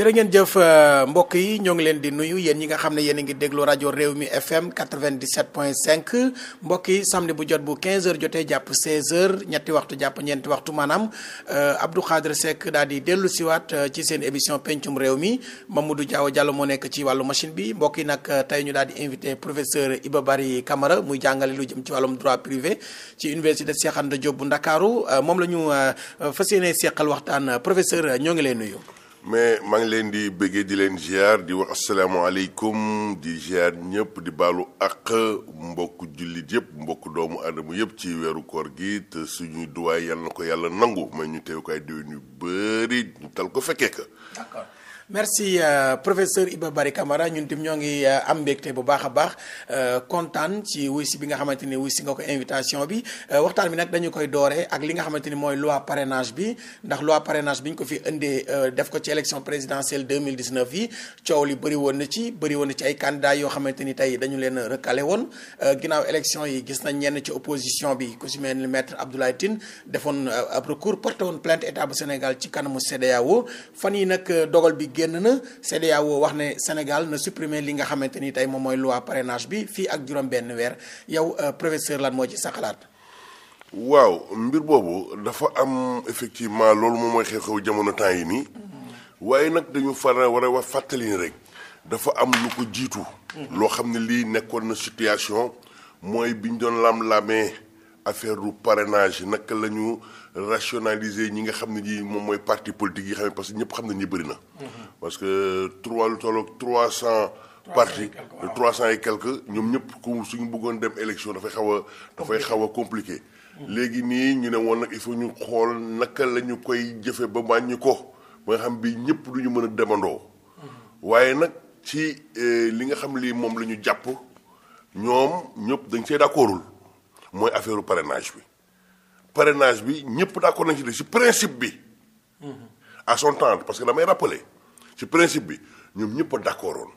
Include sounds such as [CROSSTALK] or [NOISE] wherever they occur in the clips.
jërë ngeen jëf euh, mbokk yi ñoo ngi leen di nuyu yéen ñi nga xam ne yéen a ngi déglu rajo réew mi FM 97.5 mbokk yi samedi bu jot bu 15h jotee jàpp 16h ñetti waxtu jàpp ñeenti waxtu maanaam euh, Abdou Khadre Seck daal di dellu siwaat euh, ci seen émission pencum réew mi du Diaw Diallo moo nekk ci wàllu machine bi mbokk yi nag tey ñu daal di invité professeur Iba bari Camara muy jàngale lu jëm ci wàllum droit privé ci université Cheikh Anta Diop bu Ndakaaru moom la ñu fas yéene seqal waxtaan professeur ñoo ngi lay nuyu. mais maa ngi leen di bëggee di leen ziar di wax asalaamaaleykum di ziar ñëpp di baalu ak mbokk jullit yëpp mbokk doomu aadama yëpp ci weeru koor gi te suñuy duwaay yal na ko yàlla nangu may ñu teew ko ay déwén bëri ñu tal ko fekkee ka. merci euh, professeur Iba Barry Camara ñun tim ñoo ngi euh, am mbégte bu baax a baax euh, kontaan ci wuy si bi nga xamante ni wuy si nga ko invitation bi euh, waxtaan bi nag dañu koy doore ak li nga xamante ni mooy loi parrainage bi ndax loi parrainage bi ñu ko fi indee def ko ci élection présidentielle 2019 yi coow li bëri woon na ci bari woon na ci ay candidats yoo xamante ni tey dañu leen recalé woon ginnaaw élection yi gis nañ ñenn ci opposition bi ku si mel ni maître Abdoulaye Tine defoon ab recours porté woon plainte état bu Sénégal ci kanamu CEDEAO fan yi génn na CEDEAO wax ne Sénégal na supprimer li nga xamante ni tey moom mooy loi parrainage bi fii ak juróom-benn weer yow euh, professeur lan moo ci sa xalaat. waaw mbir boobu dafa am effectivement loolu moom mooy xew-xew jamono temps yi nii. waaye nag dañu fara war a wax fàttali rek dafa am lu ko jiitu. loo xam ne lii nekkoon na situation mooy biñ doon lam-lamee affaire du parrainage naka la ñu. rationaliser ñi nga xam ne ji moom mooy parti politique yi xam ne parce que ñëpp xam nañu bëri na. parce que trois lu tolloog trois cent. parti trois cent et quelques ñoom ñëpp ku suñu bëggoon dem élection dafay xaw a dafay xaw a compliqué. Mm. léegi nii ñu ne woon nag il faut ñu xool naka la ñu koy jëfe ba wàññi ko ba nga xam bii ñëpp du ñu mën a demandoo. Mm. waaye nag ci eh, li nga xam lii moom la ñu jàpp ñoom ñëpp dañ see d'accordul mooy affaire parrainage bi. parrainage bi ñëpp d'accord nañ ci de ci principe bi. à son temps parce que damay rappeler ci principe bi ñoom ñëpp a d'accord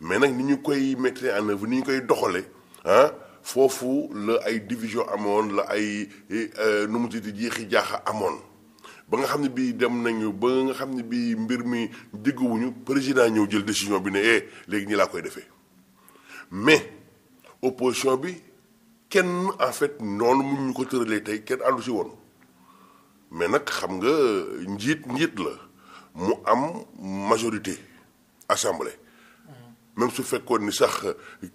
mais nag ni ñu koy mettre en œuvre ni ñu koy doxalee ah foofu la ay division amoon la ay euh, nu mu tudd jeexi jaaxa amoon. ba nga xam ne bii dem nañu ba nga xam ne bii mbir mi digguwuñu président ñëw jël décision bi ne eh léegi ñi laa koy defee mais opposition bi. kenn en fait noonu mu ñu ko tëralee tey kenn àndu si woon mais nag xam nga njiit njiit la mu am majorité assemblée. même su fekkoon ni sax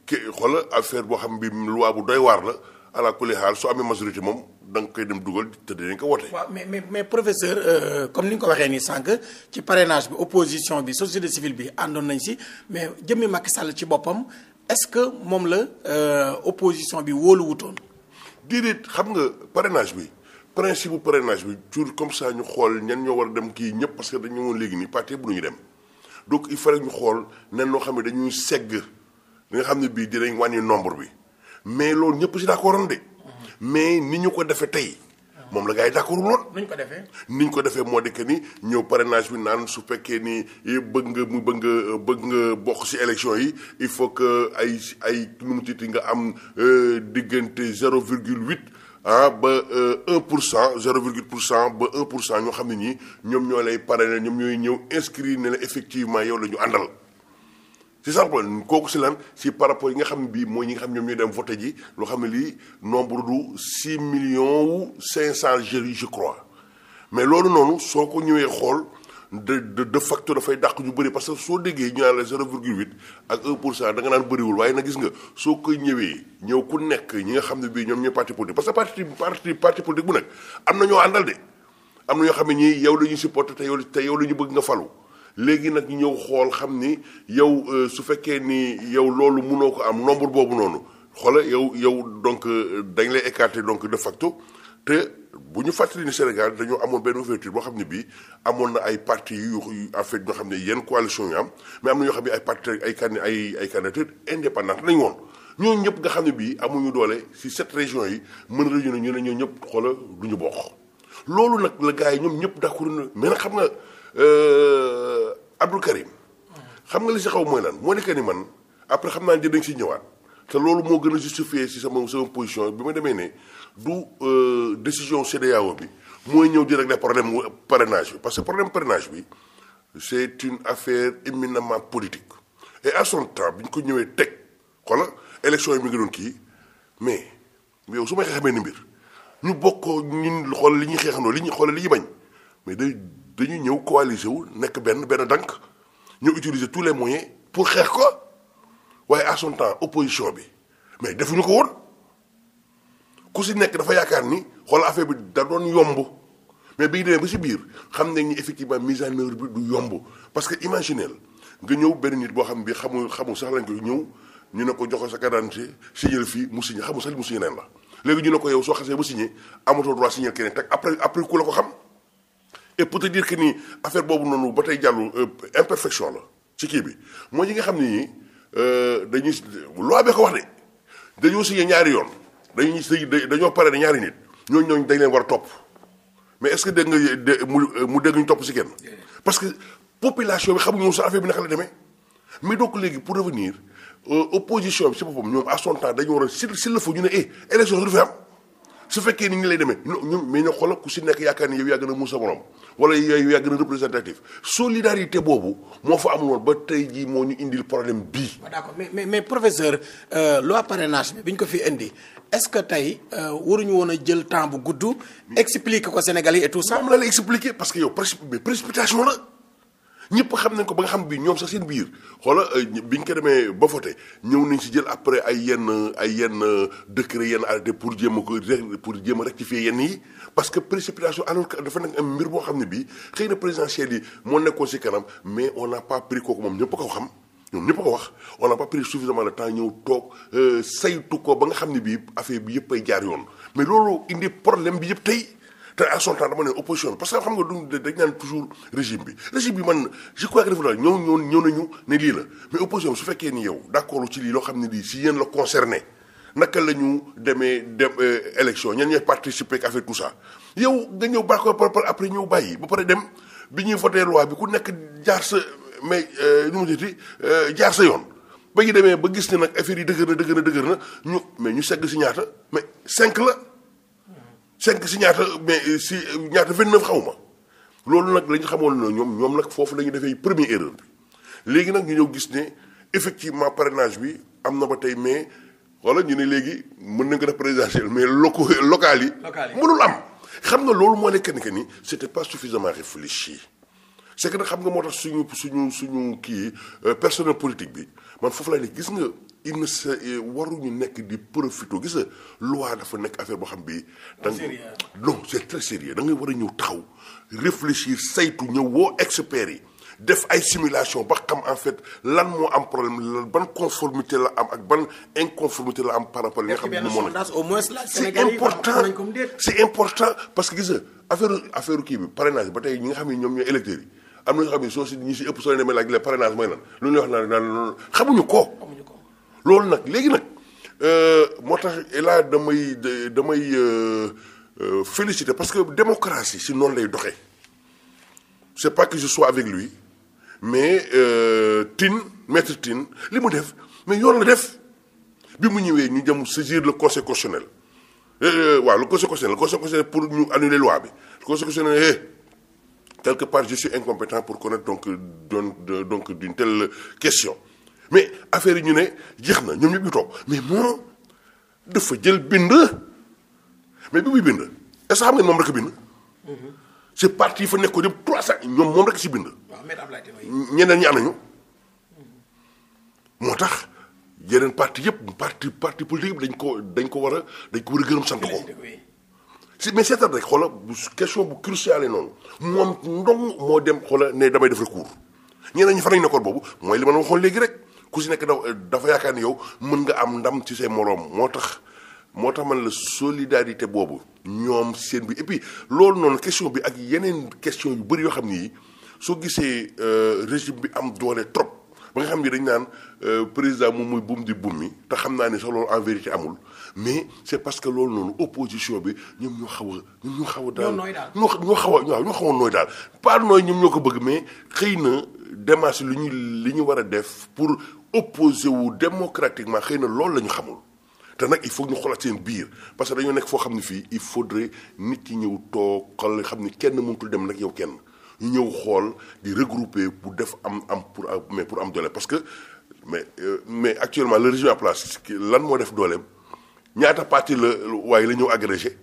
ki xoola affaire boo xam bi loi bu doy waar la ala kulli xaal su amee majorité moom da nga koy dem dugal te dinañ ko wote. waaw mais mais mais professeur euh, comme ni nga ko waxee nii sànq ci parrainage bi opposition bi société civile bi àndoon nañ si mais jëmmi Macky Sall ci boppam. est-ce que moom la euh, opposition bi wóoluwutoon. déedéet xam nga parrainage bi principe bu parrainage bi jur comme sax ñu xool ñan ñoo war a dem kii ñëpp parce que dañu ñëwoon léegi nii parti bu ñu dem donc il fallait ñu xool neen loo xam ne dañuy segg li nga xam ne bii dinañ wàññi nombre bi mais loolu ñëpp si daa ko waroon de mais ni ñu ko defee tey. moom la ngay yi d'accord lool. nuñ ko defee. ñu ko defee moo di que ni ñëw parrainage bi naan su fekkee ni bëgg nga mu bëgg nga bëgg nga bokk ci élection yi il faut que ay ay nu mu tudd nga am euh, diggante zéro virgule huit. ah ba euh, un pour cent zéro virgule pour cent ba un pour cent ñoo xam ne ñii ñoom ñoo lay parrainer ñoom ñooy ñëw inscrire ne la effectivement yow la ñu àndal. ci sans problème kooku si lan si par rapport yi nga xam ne bii mooy ñi nga xam ñoom ñooy dem voté ji loo xam ne lii nombre du 6 millions ou 500 jeunes je crois mais loolu noonu soo ko ñëwee xool de de de facto dafay dàq ñu bëri parce que soo déggee ñu naan la 0,8 ak 1 pour cent da nga naan bëriwul waaye nag gis nga soo koy ñëwee ñëw ku nekk ñi nga xam ne bii ñoom ñooy parti politique parce que parti parti parti politique bu nekk am na ñoo àndal am na xam ne ñii yow la ñu supporté te te yow la ñu bëgg nga falu. léegi nag ñëw xool xam ni yow euh, su fekkee ni yow loolu munoo ko am nombre boobu noonu xoola yow yow donc euh, dañ lay écarter donc de facto te bu ñu fàttali ni Sénégal dañoo amoon benn ouverture boo xam ne bii amoon na ay parti yu en fait ñoo xam ne yenn coalition yu am mais am na ñoo xam ne ay parti ay can ay ay candidature indépendante nañ woon ñooñu ñëpp nga xam ne bii amuñu doole si sept régions yi mën nañu ne ñu ne ñoo ñëpp xoola du ñu bokk loolu nag la gars yi ñoom ñëpp d'accord na nag xam nga Euh, Abdou Karim xam nga li si xaw mooy lan moo nekk ni man après xam naa ne dañ si ñëwaat te loolu moo gën a justifié si sama sama position bi ma demee ne du euh, décision CEDEAO bi mooy ñëw di rek régler problème mu parrainage bi parce que problème parrainage bi c' est une affaire éminemment politique et à son temps bi ñu ko ñëwee teg xoola élection yi mi ngi doon kii mais yow su may xamee ni mbir ñu bokkoo ñun xool li ñuy xeexandoo li ñuy xool li ñuy bañ mais day. dañuy ñëw coaliser wu nekk benn benn dank ñu utiliser tous les moyens pour xeex ko waaye à son temps opposition bi mais defuñu ko woon ku si nekk dafa yaakaar ni xool affaire bi da doon yomb mais bi ñu demee ba si biir xam nañ ni effectivement mise en œuvre bi du yomb parce que imaginez nga ñëw benn nit boo xam bi xamul xamul sax lañ koy ñëw ñu ne ko jox sa carte d'identité signé fii mu signé xamul sax li mu signé la léegi ñu ne ko yow soo xasee ba signé amatoo après après ku la ko xam. et pour te dire que ni affaire boobu noonu ba tey jàllu euh, imperfection la ci kii bi mooy ñi nga xam ne nii euh, dañuy loi bee ko wax de dañoo signé ñaari yoon dañuy si dañoo pare ne ñaari nit ñooñu ñooñu dañ leen war a topp mais est-ce que dégg nga mu dégg ñu topp si kenn. parce que population bi xamuñu sa affaire bi naka deme demee mais donc léegi pour revenir euh, opposition bi si boppam ñoom à son temps war a si si la fa ñu ne eh élection du fi su fekkee ni ñu lay demee ñu mais ñoo xoolal ku si nekk yaakaar ni yow yaa gën a muus a morom wala yaa gën a représentatif solidarité boobu moo fa amul ba tey jii moo ñu indil problème bii. waaw mais mais mais professeur euh, loi parrainage bi ñu ko fi indi est-ce que tey euh, waruñu woon a jël temps bu gudd. expliquer ko Sénégalais et tout ça. moom la lay parce que yow précipitation la. ñëpp xam nañ ko ba nga xam bii ñoom sax seen biir xoola euh, bi ñu ko demee ba voté ñëw nañ si jël après ay yenn ay yenn euh, décret yenn arrêté pour jéem a ko pour jéem a rectifier yenn yi parce que précipitation alors que dafa nekk boo xam ne bii xëy na présidentielle moo nekkoo si kanam mais on n'a pas pris kooku moom ñëpp a ko xam ñoom ñëpp ko wax on n'a pas pris suffisamment de temps ñëw toog euh, saytu ko ba nga xam ne bii affaire bi yëpp ay jaar yoon mais loolu indi problème bi yëpp tey te à son temps dama ne opposition bi parce que xam nga du dañ naan toujours régime bi régime bi man je crois que dafa daal ñëw ñëw ñëw nañu ne lii la mais opposition bi su fekkee ni yow d'accord ci lii loo xam ne lii si yéen la concerné naka la demee dem euh, élection ñenn ñooy participer ak affaire tout ça yow nga ñëw baax ko par après ñëw bàyyi ba pare dem bi ñuy voté loi bi ku nekk jaar sa mais euh, nu mu jëti euh, jaar sa yoon ba ñu demee ba gis ne nag affaire yi dëgër na dëgër na dëgër na ñu mais ñu segg si ñaata mais cinq la cinq si ñaata mais euh, si euh, ñaata vingt neuf xaw ma loolu nag la ñu xamoon na ñoom ñoom nag foofu la defee première erreur bi léegi nag ñu ñëw gis ne effectivement parrainage bi am na ba tey mais wala ñu ne léegi mun nañ ko def présidentiel mais locaux local yi. mënul am. xam nga loolu moo nekk ni que ni c' était pas suffisamment réfléchi c' est nag xam nga moo tax suñu suñu suñu kii euh, personnel politique bi man foofu laa ne gis nga. il ne sa euh, waruñu nekk di profito gis lu loi dafa nekk affaire boo xam bi dang non c'est très sérieux da ngay war a ñëw taxaw réfléchir saytu ñëw woo experts yi def ay simulation ba xam en fait lan moo am problème ban conformité la am ak ban inconformité la am par rapport li nga xam ne moo nekk c'est important c'est important parce que gis nga ba tey ñi nga xam ne ñoom ñooy électeurs yi am na ñoo xam ne soo si ñi si ëpp soo demee laaj le parrainage mooy lan lu ñuy wax naan xamuñu ko loolu nag léegi nag euh, moo tax là damay damay euh, euh, féliciter parce que démocratie si noonu lay doxee c'est pas que je sois avec lui mais euh, Tine maître li mu def mais yoon la def bi mu ñëwee ñu jëm saisir le conseil constitutionnel eh, eh, waaw le conseil constitutionnel le conseil pour ñu annuler loi bi le conseil constitutionnel eh quelque part je suis incompétent pour connaître donc donc donc d'une telle question mais affaire yi ñu ne jeex na ñoom ñëpp ñu toog mais moom fa jël bind mais bi muy bind est-ce que xam moom rek bind. Mm-hmm. c'est parti fa nekkoon yëpp trois cent ñoom moom rek si bind. ñeneen ñi am nañu. Mm-hmm. moo tax yeneen parti yëpp parti parti politique bi dañ ko dañ ko war a dañ ko war gërëm sant ko. si rek xoola bu question bu cruciale noonu moom ndong moo dem xoola ne damay def recours ñeneen ñi fa nañ nekkoon boobu mooy li ma la waxoon léegi rek. ku si nekk eh, dafa yaakaar ni yow mën nga am ndam ci say moroom moo tax moo tax man la solidarité boobu ñoom seen bi et puis loolu noonu question bi ak yeneen question yu bëri yoo xam ni soo gisee euh, régime bi am doole trop ba nga xam ni dañ naan euh, président moom muy buum di buum mi te xam naa ni sax loolu en vérité amul mais c'est parce que loolu noonu opposition bi ñoom ñoo xaw a ñoom ñoo xaw a daal ñoo ñoo xaw a ñoo xaw a nooy daal pas nooy ñoom ñoo ko bëgg mais xëy li ñu war a def opposé wu démocratiquement xëy na loolu la ñu xamul te nag il faut ñu xoolaat seen biir parce que dañoo nekk foo xam ne fii il faudrait nit yi ñëw toog xool xam ni kenn mënatul dem nag yow kenn ñu ñëw xool di regrouper bu def am am pour mais pour am doole parce que mais euh, mais actuellement le régime en place lan moo def dooleem ñaata parti la waaye la ñëw agrégé.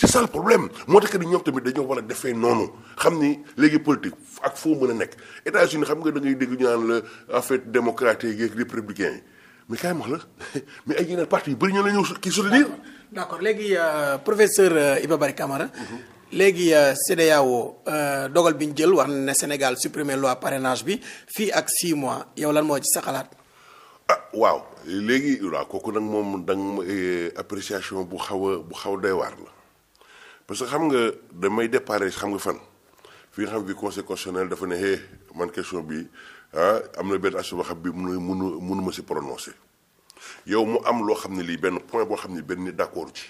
c'est ça le problème moo tax que ni ñoom tamit dañoo war a defee noonu xam ni léegi politique ak foo mën a nekk États-Unis xam nga da ngay dégg ñu naan la en fait démocrate yi ak républicain yi mais kaay ma la [LAUGHS] mais ay yeneen parti yu bëri ñu la ñëw kii soutenir. d' accord léegi euh, professeur euh, Iba Barry Camara. Mm-hmm. léegi euh, CEDEAO dogal bi ñu jël wax ne Sénégal supprimer loi parrainage bi fii ak 6 mois yow lan moo ci sa xalaat. ah waaw léegi waaw kooku nag moom da nga appréciation bu xaw a bu xaw doy waar la. parce que xam nga damay déparé xam nga fan fi nga xam bi conseil constitutionnel dafa ne hé man question bi ah, am na benn aspect boo xam bi mënu mënu mënuma si prononcer yow mu am loo xam ne lii benn point boo xam ne benn ni d'accord ci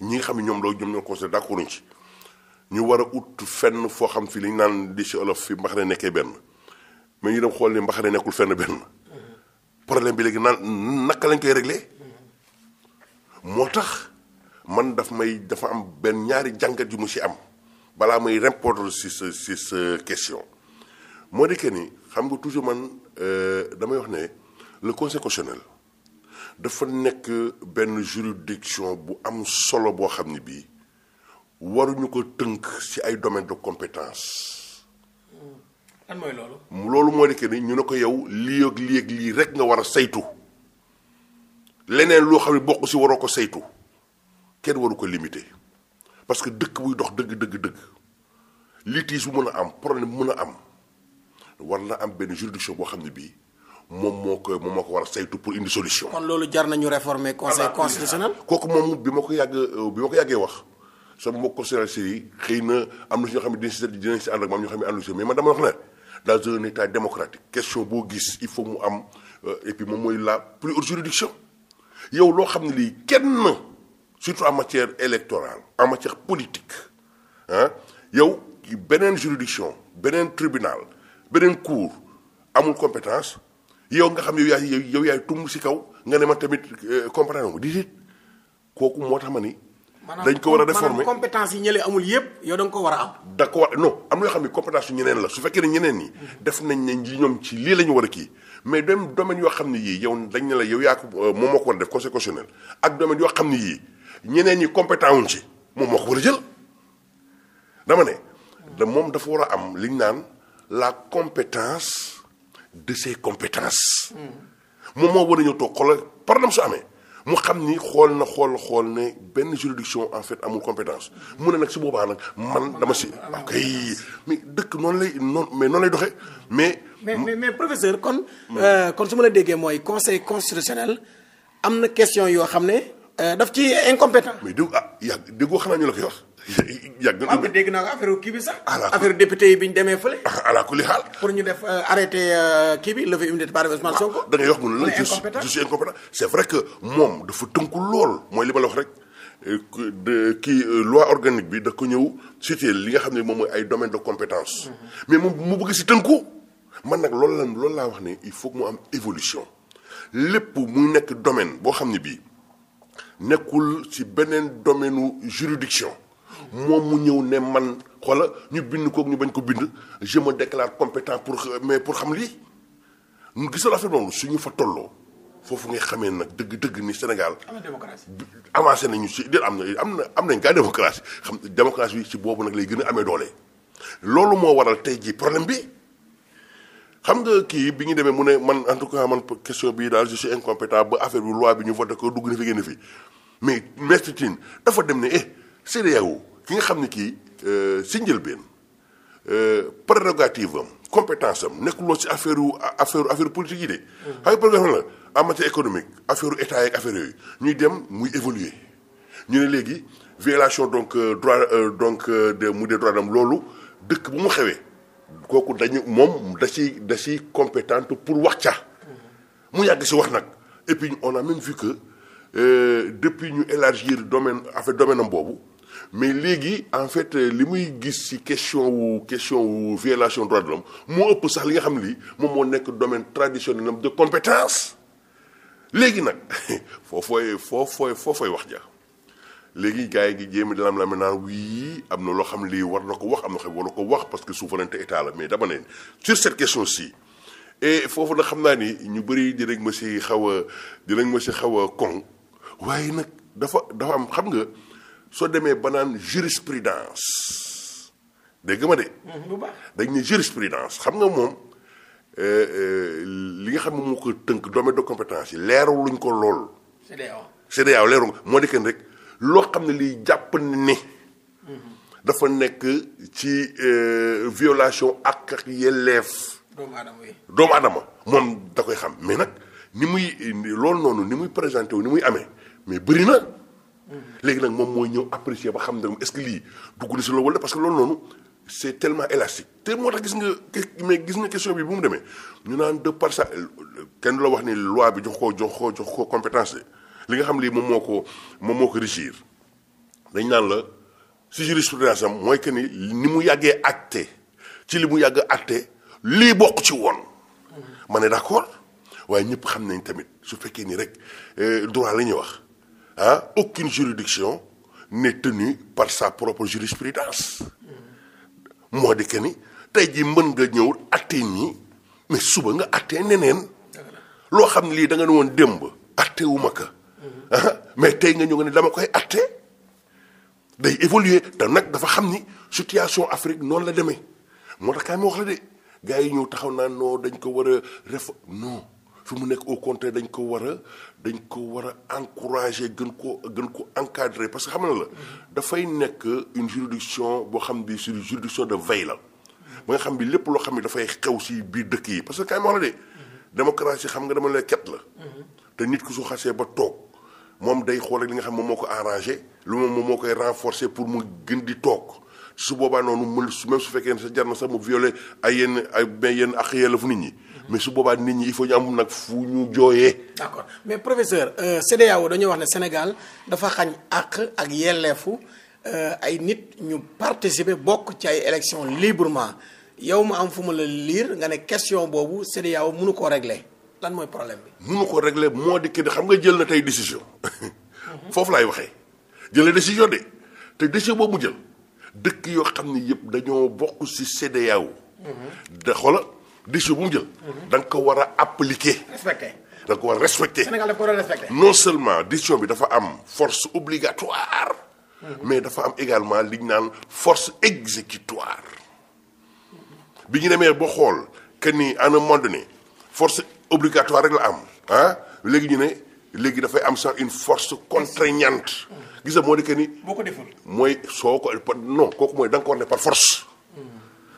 ñi nga xam ne ñoom loolu ñoom ñoo conseil d'accord ci ñu war a ut fenn foo xam fi li naan di si olof fi mbaxane nekkee benn mais ñu dem xool ni mbaxane nekkul fenn benn problème bi léegi naan naka lañ koy réglé moo tax man daf may dafa am benn ñaari jàngat yu mu si am balaa may répondre ci sa si sa question moo di que ni xam nga toujours man euh, damay wax ne le conseil constitutionnel dafa nekk benn juridiction bu am solo boo xam ni bii waruñu ko tënk si ay domaines de compétence. lan mooy loolu. loolu moo di que ñu ne ko yow lii ak lii ak rek nga war a saytu leneen loo xam ne bokk ci waroo ko saytu. kenn waru ko limité parce que dëkk buy dox dëgg dëgg dëgg litige bu mën a am problème mën a am war na am benn juridiction boo xam ne bii moom moo ko moom moo ko war a saytu pour indi solution. kon loolu jar nañu réformer conseil constitutionnel. kooku moom bi ma ko yàgg bi ma ko yàggee wax sama mbokk conseillers yi xëy na am na si ñoo xam ne dinañ si dinañ si ñoo xam ne àndu si mais man dama wax ne dans un état démocratique question boo gis il faut mu am euh, et moom mooy la plus haute juridiction yow loo xam ne lii kenn. surtout en matière électorale en matière politique yow beneen juridiction beneen tribunal beneen cour amul compétence yow nga xam yow yaay yow yaay tum si kaw nga ne euh, ma tamit comprendre ma di kooku tax ma ni. dañ ko war a réformer maanaam compétence yi ñële amul yëpp yow da nga a ko war na yoo xam ne compétence la su fekkee ne ñeneen ñi. Mm-hmm. def nañ ne ñoom ci lii la ñu war a kii mais même domaine yoo xam ne yii yow dañ ne la yow yaa ko euh, moom moo ko war a def conseil ak domaine yoo xam ne yii. ñeneen yi compétent wuñ si moom moo ko war a jël dama ne da moom dafa war a am liñ naan la compétence de ses compétences hmm. moom moo war a ñëw toog na mu su amee mu xam ni xool na xool xool ne benn juridiction en fait amul compétence mu ne nag si boobaa nag man dama si ok mais dëkk noonu lay noonu mais noonu lay doxee mais mais mais professeur kon hmm. euh, kon su ma la déggee mooy conseil constitutionnel am na question yoo xam ne Euh, daf ci incompétent. mais dégg ah yàgg déggoo xanaa ñu la koy wax. yàgg na dégg naa ko affaire kii bi yi bi ñu demee fële. Ah, ala kulli xaal. pour ñu def euh, arrêté euh, kii bi levée immunité par Ousmane ah, Sonko. da ngay wax mu ne la je suis je suis incompétent. c' est vrai que moom dafa tënku lool mooy li ma la wax rek. kii loi organique bi da ko ñëw cité li nga xam ne moom mooy ay domaine de compétence. Mm-hmm. mais mu mu bëgg si tënku. man nag loolu la loolu laa wax ne il faut mu am évolution lépp mu nekk domaine boo xam ne bii. nekkul ci beneen domaine juridiction moom mu ñëw ne man xoola ñu bind kook ñu bañ ko bind je me déclare compétent pour mais pour xam lii ñu gisal affaire boobu suñu fa tolloo foofu ngay xamee nag dëgg-dëgg ni Sénégal. avancé nañu si déet am na am na am nañ gaa démocratie xam démocratie bi ci boobu nag lay gën a amee doole loolu moo waral tey jii problème bi. xam nga kii bi ñu demee mu ne man en tout cas man question bii daal je suis incompétent ba affaire bi loi bi ñu voté ko dugg na fi génn fi mais Maître Tine dafa dem ne eh CEDEAO ki nga xam ne kii euh, si njëlbeen euh, prérogative am compétence am nekkuloo ci affaire wu affaire affaire politique yi de. Mm-hmm. xam nga programme la en matière économique affaire état yeeg affaire yooyu ñuy dem muy évoluer ñu ne léegi violation donc euh, droit donc de mu des droits de loolu dëkk bu mu xewee. kooku dañu moom da si da si compétente pour wax ca mu yàgg si wax nag et puis on a même vu que euh, depuis ñu élargir domaine affaire domaine am boobu mais léegi en fait li muy gis si question wu question wu violation droit de l'homme moo ëpp sax li nga xam li moom moo nekk domaine traditionnel am de compétence léegi nag [LAUGHS] foofooy foofooy foofooy wax ja léegi gars yi gi jéem a di lam lam naan wii am na loo xam lii war na ko wax am na xam waru ko wax parce que souveraineté état la mais dama ne sur cette question-ci et foofu na xam naa ni ñu bëri dinañ ma si xaw a dinañ ma si xaw a kon waaye nag dafa dafa am xam nga soo demee ba naan jurisprudence dégg ma de. Mm-hmm, bu baax dañ ne jurisprudence xam nga moom euh, euh, li nga xam ne moo ko tënk domaine de compétence yi leerul luñ ko lool. CEDEAO CEDEAO leerul moo di kenn rek. loo xam ne lii jàpp ni dafa nekk ci euh, violation ak ak yelleef doomu aadama moom da koy xam mais nag ni muy loolu noonu ni muy présenté wu ni muy amee mais bëri na léegi nag moom mooy ñëw apprécier ba xam ne est-ce que lii dugg na si loolu wala parce que loolu noonu c'est tellement élastique te moo tax gis nga mais gis nga question bi bu mu demee ñu naan de par ça kenn la wax ni loi bi jox ko jox ko jox ko compétence de li nga xam lii moom moo ko moom moo ko régir dañ naan la si jurisprudence am mooy que ni ni mu yàggee acté ci li mu yàgg acté lii bokk ci woon ma ne d'accord waaye ñëpp xam nañ tamit su fekkee nii rek euh, droit la ñuy wax ah aucune juridiction n'est tenue par sa propre jurisprudence moo di que ni tey jii mën nga ñëw atte nii mais suba nga atte neneen loo xam ne lii da nga ne woon démb ma ka [LAUGHS] mais tey nga ñëw nga ne dama koy atte day évoluer te nag dafa xam ni situation Afrique noonu la demee moo tax kaay ma wax la de gars yi ñëw taxaw naa non dañ ko war a ref non fi mu nekk au contraire dañ ko war a dañ ko war a encourager gën ko gën ko encadrer parce que xam na la dafay nekk une juridiction boo xam bi sur juridiction de veille la ba nga xam bi lépp loo xam ne dafay xew si biir dëkk yi parce que kaay ma wax la de démocratie xam nga dama lay ket la mm-hmm. te nit ba toog moom day xool ak li nga xam moom moo ko arrangé lu moom moom moo koy renforcer pour mu gën di toog su boobaa noonu mu même su fekkee ne sa jar na sax mu violé ay yenn ay mais yenn ak yelleefu nit ñi. mais su boobaa nit ñi il faut ñu am nag fu ñu jooyee. d'accord mais professeur euh, CEDEAO dañuy wax ne Sénégal dafa xañ àq ak yelleefu euh, ay nit ñu participer bokk ci ay élections librement yow ma am fu ma la liir nga ne question boobu CEDEAO mënu koo régler. lan problème bi. munu ko régler moo di kii xam nga jël na tey décision mhm. foofu laay waxee jël na décision de te décision boobu mu jël dëkk yoo xam ne yëpp dañoo bokk ci CEDEAO. Mhm. da xoola décision bu mu jël. Mhm. danga ko war a appliquer. respecté da ko war a respecté. Sénégal da war a respecté. non seulement décision bi dafa am force obligatoire. mais dafa am également liñ naan force exécutoire bi ñu demee ba xool que ni à un moment donné force obligatoire rek la am ah léegi ñu ne léegi dafay am sax une force contraignante gis nga moo di que ni. boo ko deful mooy soo ko non kooku mooy da nga ko war ne par force.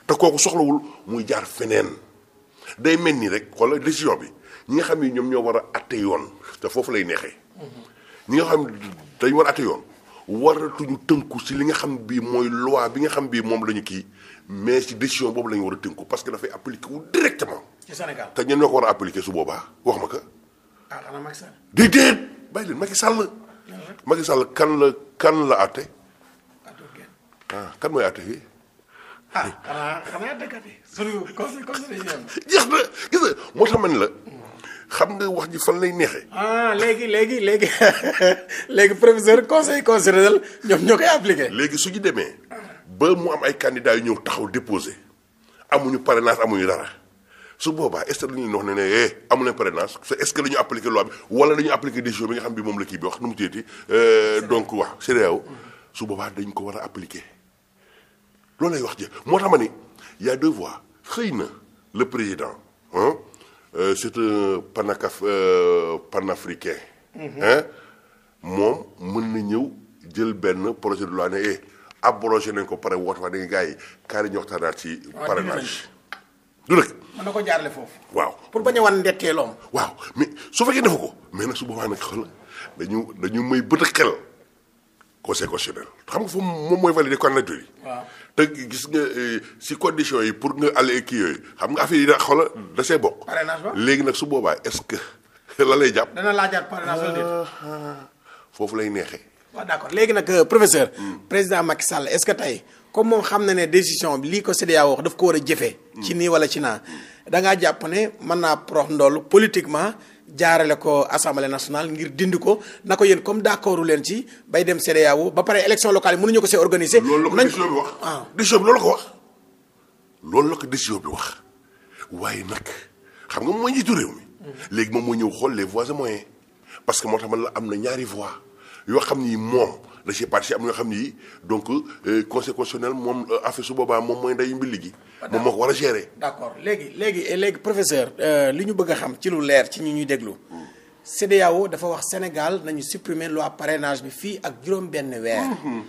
te kooku soxlawul muy jaar feneen. day mel nii rek xoolal décision bi ñi nga xam yi ñoom ñoo war a atte yoon te foofu lay neexee. ñi nga xam dañu war a atte yoon. waratuñu tënku si li nga xam bii mooy loi bi nga xam bii moom la ñu kii mais si décision boobu lañu war a tënku parce que dafay appliqué wu directement. ci te ñen ñoo ko war a appliquer su boobaa wax ma ko. ah xanaa Macky Sall. déedéet bàyyi leen Macky Sall. kan la kan la àtte. ah kan mooy àtte yi. Ah, suñu conseil conseil [LAUGHS] jeex na gis moo tax ma la. xam nga wax ji fan lay neexee. Ah, léegi léegi léegi [LAUGHS] léegi professeur conseil constitutionnel ñoom ñoo koy appliqué. léegi su ñu demee. ba mu am ay candidats yu ñëw taxaw déposé amuñu parrainage amuñu dara. su boobaa est ce que dañuy wax ne ne eh amu leen parrainage est ce que dañu appliquer loi bi wala dañu appliquer décision bi nga xam bi moom la kii bi wax nu mu téyeti euh, donc waaw CEDEAO su boobaa dañ ko war a appliquer loolu lay wax jë moo tax ma ni y a xëy na le président ah c'est un panacaf euh, panafricain mhm. hein moom mën na ñëw jël benn projet de loi ne eh abrogé nañ ko pare woote wax da nga gars yi kaay ñu waxtaanaat ci parrainage lu dëkk. mën na ko jaarale foofu. waaw pour bañ a wan ndetteeloom. waaw mais su fa fekkee defu ko mais nag su boobaa nag xool dañu dañu may bët a xel conseil constitutionnel xam nga moom mooy valider candidature yi. waaw te gis nga euh, si condition yi pour nga aller kii yooyu xam nga affaire yi da xoola da bokk. parrainage ba léegi nag su boobaa est-ce que [LAUGHS] la lay jàpp. dana laajaat parrainage wala déet. Ah, ah. foofu lay neexee. waaw d'accord léegi nag euh, professeur. Hmm. président Macky Sall est-ce que tey. comme moom xam na ne décision bi lii ko CEDEAO wax daf ko war a jëfee. ci nii wala ci naa da jàpp ne man naa prox ndool politiquement jaarale ko assemblée national ngir dindi ko na ko yéen comme d' accordu leen ci bay dem CEDEAO ba pare élection locale yi mënuñu ko see organiser. loolu la ko décision bi wax loolu la ko wax. loolu la ko décision bi wax waaye nag xam nga mooy njiitu réew mi. Mm-hmm. léegi moom moo ñëw xool les voies et parce que moo tax man la am na ñaari voies yoo xam ni moom. da ci parti am yoo xam ni donc euh, conseil constitutionnel moom euh, affaire su boobaa moom mooy ndeyu mbilli gi. moom moo ko war a d' accord léegi léegi léegi professeur euh, li ñu bëgg a xam ci lu leer ci ñi ñuy déglu. CEDEAO dafa wax Sénégal nañu supprimer loi parrainage bi fii ak juróom-benn weer. Mm-hmm.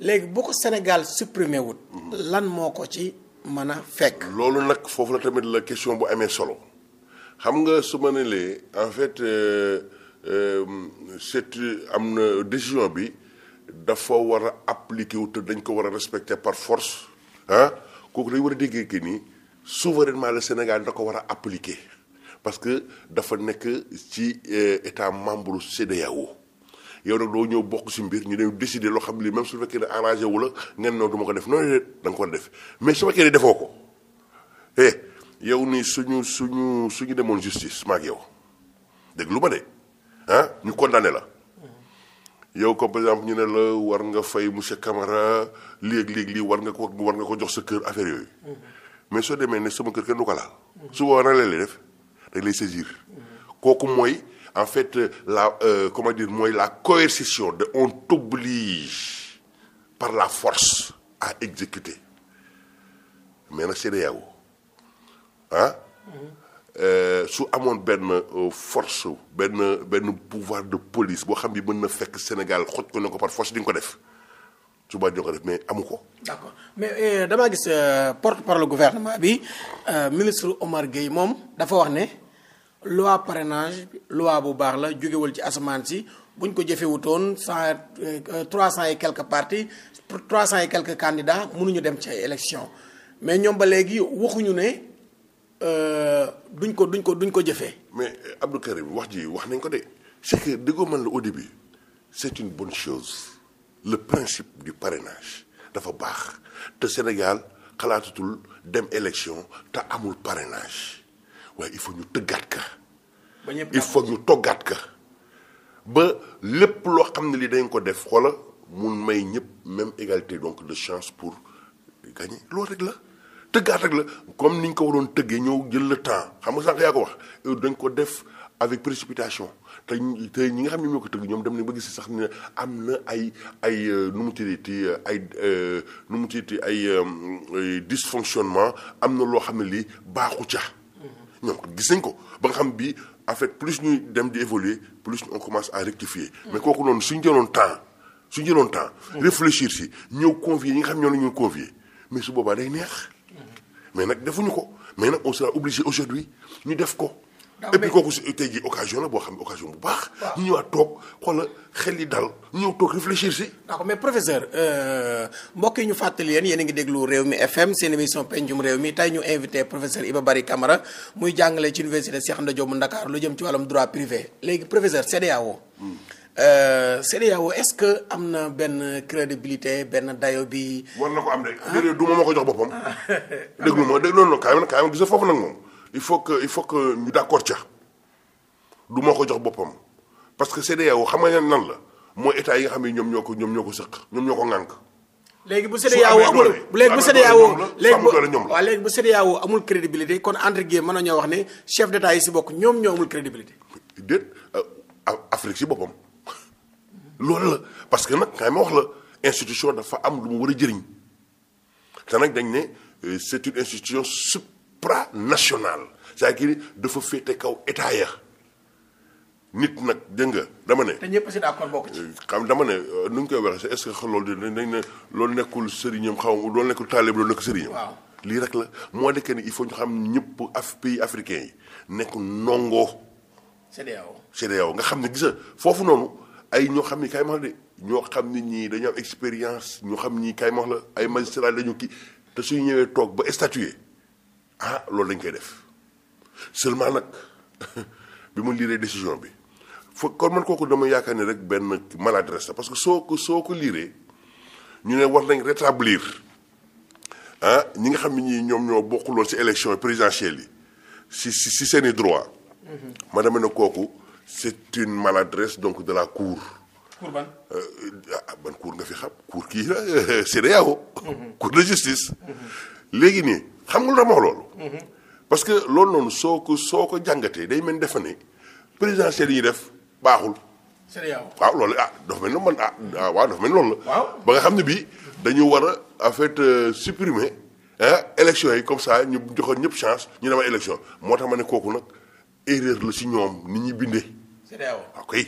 léegi boo ko Sénégal supprimer wut. Mm-hmm. lan moo ko ci mën a fekk. loolu nag foofu la tamit la question bu amee solo xam nga su ma ne lee en fait c'est am na décision bi. dafa war a appliqué wu te dañ ko war a respecté par force ah kooku dañ war a déggee que nii souverainement la Sénégal da ko war a appliqué parce que dafa nekk ci euh, état membre CEDEAO yow nag doo ñëw bokk si mbir ñu dem décider loo xam lii même su fekkee ne arrangé wu la ngeen noo du ko def noonu déet da nga ko def mais su fekkee ne defoo ko eh yow ni suñu suñu suñu demoon justice maag yow dégg lu ma de ah ñu condamné la. yow comme par exemple ñu ne la war nga fay monsieur Camara léeg-léeg li war nga ko war nga ko jox sa kër affaire yooyu. Mm-hmm. mais soo demee ne sama kër kenn du ko laal. su boobaa nan lay def dañ lay saisir. Mm-hmm. kooku mooy en fait la euh, comment dire mooy la coercition de on t'oblige par la force à exécuter mais nag CEDEAO ah. Mm-hmm. Euh, su amoon benn euh, force benn benn pouvoir de police boo xam bi mën na fekk Sénégal xoj ko ne ko par force di ko def suba di ko def mais amu ko. d'accord mais euh, damaa gis porte parole gouvernement bi ministre Omar Gueye moom dafa wax ne loi parrainage loi bu baax la jógewul ci asamaan si buñ ñu ko jëfewutoon cent trois cent et quelques partis trois cent et quelques candidats mënuñu dem ci ay élections mais ñoom ba waxuñu ne. duñ ko duñ ko duñ ko jëfee. mais euh, Abdou Karim wax ji wax nañ ko de c' est que déggoo man la au début une bonne chose le principe du parrainage dafa baax te Sénégal xalaatatul dem élection te amul parrainage waaye il faut ñu tëggaat ka. ba il faut ñu toggaat ka ba lépp loo xam ne li dañ ko def xoola mun may ñëpp même égalité donc de chance pour gagner loolu rek la. tëggaat rek la comme ni ñu ko waroon tëggee ñëw jël la temps xam nga sànq yaa ko wax dañ ko def avec précipitation te tey ñi nga xam ne ñoo ko tëgg ñoom dem nañ ba gis sax ne am na ay ay euh, nu mu tuddati euh, ay euh, nu mu tuddati ay dysfonctionnement am na loo xam ne lii baaxu ca. Mm-hmm. ñoom gis nañ ko ba nga xam bi en fait plus dem di évoluer plus on commence à rectifier. Mm-hmm. mais kooku noonu suñ jëloon temps suñ jëloon temps. Mm-hmm. réfléchir si ñëw convier ñi nga xam ñoo la ñuy convier mais su boobaa day neex. mais nag defuñu ko mais nag on sera obligé aujourd'hui ñu def ko. et puis kooku si tey jii la boo xam ne occasion bu baax. ñu ñëwaat toog xoolal xel yi daal ñu ñëw toog réfléchir si. d'accord mais professeur euh, mbokk yi ñu fàttali yéen yéen ngi déglu réew mi FM seen émission pencum réew mi tey ñu invité professeur Iba Barry Camara muy jàngale ci université Cheikh Anta Diop bu Ndakaaru lu jëm ci wàllum droit privé léegi professeur CEDEAO. Hmm. CEDEAO euh, est-ce que am na benn crédibilité benn dayo bi. war na ko am de ah. déedéet du ma ma ko jox boppam. [LAUGHS] déglu ma déglu noonu kaay ma kaay ma gis foofu nag moom il faut que il faut que ñu d'accord ca du ma ko jox boppam parce que CEDEAO xam nga nan la mooy état yi nga xam ne ñoom ñoo ko ñoom ñoo ko sëq ñoom ñoo ko ŋànk. léegi bu CEDEAO amul léegi bu CEDEAO léegi waaw léegi bu CEDEAO amul crédibilité kon entre guillemets mën ñoo wax ne chef d'état yi si bokk ñoom ñoo amul crédibilité. déet euh, Afrique si boppam. loolu la parce que nag kay ma wax la institution dafa am lu mu war a jëriñ te nag dañ ne euh, c'est une institution supranationale cest à dafa féete kaw état ya nit nag dégg nga dama ne. ñëpp si d'accord bokk ci. Euh, xam ne euh, nu ñu koy waxee est-ce loolu dañ ne loolu nekkul sëriñam xaw ma loolu nekkul taalibe loolu nekkul sëriñam. lii rek la moo nekk ni il faut ñu xam ñëpp af pays africain yi nekk nongo. CEDEAO CEDEAO nga xam ne gis foofu noonu. ay ñoo xam ni kay max la de ñoo xam ni ñii dañoo am expérience ñoo xam ñii kay max la ay magistrat lañu kii te suñu ñëwee toog ba statuer ah loolu dañ koy def seulement nag [LAUGHS] bi mu liiree décision bi fo kon man kooku dama yaakaar ni rek benn maladresse la parce que soo ko soo ko liiree ñu ne wax nañ rétablir ah ñi nga xam ne ñii ñoom ñoo bokkuloon si élection présidentielle yi si si si seen i droit mhm. ma dama ne kooku c'est une maladresse donc de la cour. Euh, ah, ban. cour nga fi xam cour kii la [LAUGHS] CEDEAO. Mhm. cour de justice. léegi nii xam nga lu dama wax loolu. Mhm. parce que loolu noonu soo ko soo ko jàngatee day mel defa président présidentielle yi def baaxul. CEDEAO waaw loolu ah dafa mel ni man ah, mhm. ah waaw dafa ba nga xam ne bii dañu war a en fait euh, supprimer élection yi comme ça ñu joxoon ñëpp chance ñu demal élection moo tax ma ne kooku nag erreur la si ñoom ni ñuy bindee. waaw ah,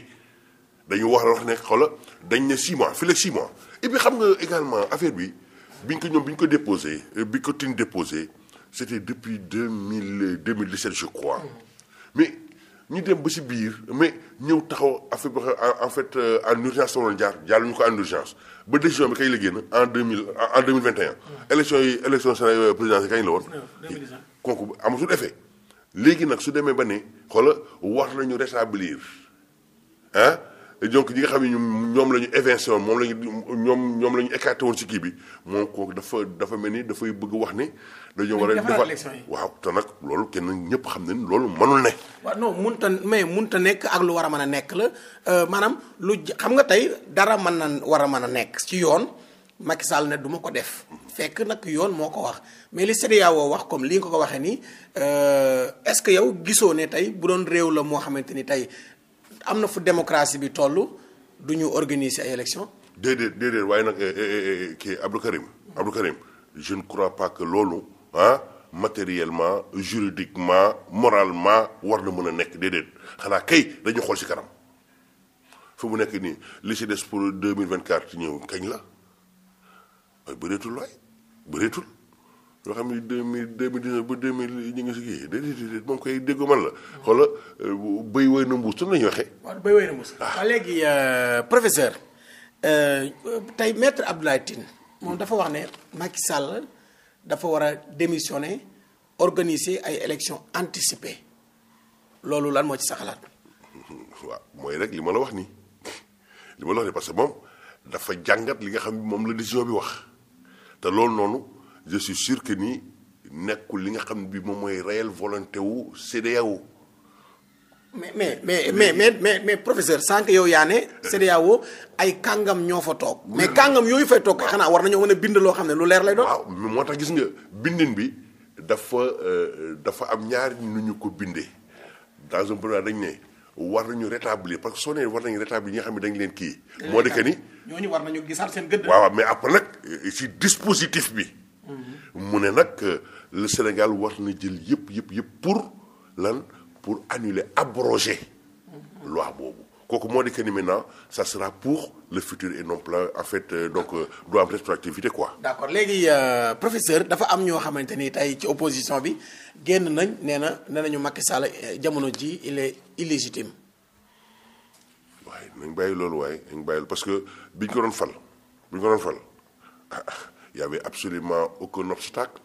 dañu wax wax ne xoola dañ ne 6 mois fii la 6 mois et xam nga également affaire bi biñ ko ñoom bi ñu ko déposé euh, bi ko tin déposé c' était depuis 2000 2017 je crois mm-hmm. mais ñu dem ba si biir mais ñëw taxaw affaire en fait euh, en urgence la jaar jàll ñu ko en urgence ba décision bi kay la génn en 2000 en 2021. Mm. élection yi élection Sénégal présidentielle kañ la woon. kooku amatul léegi nag su demee ba ni xoola wax nañu rétablir ah donc ñi nga xam ne ñoom la ñu évincé moom la ñu ñoom ñoom la ñu écarté woon ci kii bi moom kooku dafa dafa mel ni dafay bëgg wax ni dañoo war a defar waaw te nag loolu kenn ñëpp xam nañ loolu mënul ne. waaw non mënut a mais mënut nekk ak lu war a mën a nekk la euh, maanaam lu xam nga tey dara mën na war a mën a nekk ci yoon. Macky Sall ne du ma ko def fekk nag yoon moo ko wax mais li CEDEAO wax comme li nga ko waxee nii euh, est-ce que yow gisoo ne tey bu doon réew la moo xamante ni tey am na fu démocratie bi toll du ñu organiser ay élections. déedéet déedéet waaye nag eh, eh, eh, kii Abdou Karim Abdou Karim je ne crois pas que loolu ah matériellement juridiquement moralement war na mën a nekk déedéet xanaa kay dañu xool ci kanam fu mu nekk nii li ci des pour mille 2024 ñëw kañ la. mooy bëreetul waay bëreetul yoo xam ne deux mille deux mille dix-neuf ba deux ñu ngi si kii déedéet moom koy déggu man la hmm. xoola euh, béy woy na mbuus suñu la ñu waxee. waaw béy woy na ah. euh, professeur euh, tey maître Abdoulaye Tine moom dafa wax ne Macky sàll dafa war a démissionner organiser ay élections anticipées loolu lan moo ci sa xalaat. [LAUGHS] waaw mooy rek li ma la wax nii [LAUGHS] li ma la wax nii parce que moom dafa jàngat li nga xam moom la décision bi wax. te loolu noonu je suis sûr que ni nekkul li nga xam ne bi moom mooy réelle volonté wu CEDEAO mais mais mais mais mais mais mais professeur sànq yow yaa ne CEDEAO ay kàngam ñoo fa toog. mais kàngam yooyu fay toog xanaa war nañoo mën a bind loo xam ne lu leer lay doon. waaw moo tax gis nga bindin bi dafa euh, dafa am ñaar nu ñu ko bindee dans un premier dañ ne. war nañu rétablir parce que soo nee war nañu rétablir ñi xam ne dañ leen kii. moo di que ni ñooñu war nañu gisaat seen gëdd. waaw mais après nag si euh, dispositif bi. Mm-hmm. mu ne nag euh, le Sénégal war na jël yëpp yëpp yëpp pour lan pour annuler abroger. Mm-hmm. loi boobu. kooku moo di que ni maintenant ça sera pour le futur et non plein en fait euh, donc euh, du am rétroactivité quoi. d' accord léegi euh, professeur dafa am ñoo xamante ni tey ci opposition bi génn nañ nee na nee nañu Macky Sall jamono ji il est illégitime. waaye nañ bàyyi loolu waaye nañ bàyyi parce que biñ ko doon fal biñ ko doon fal ah [LAUGHS] y avait absolument aucun obstacle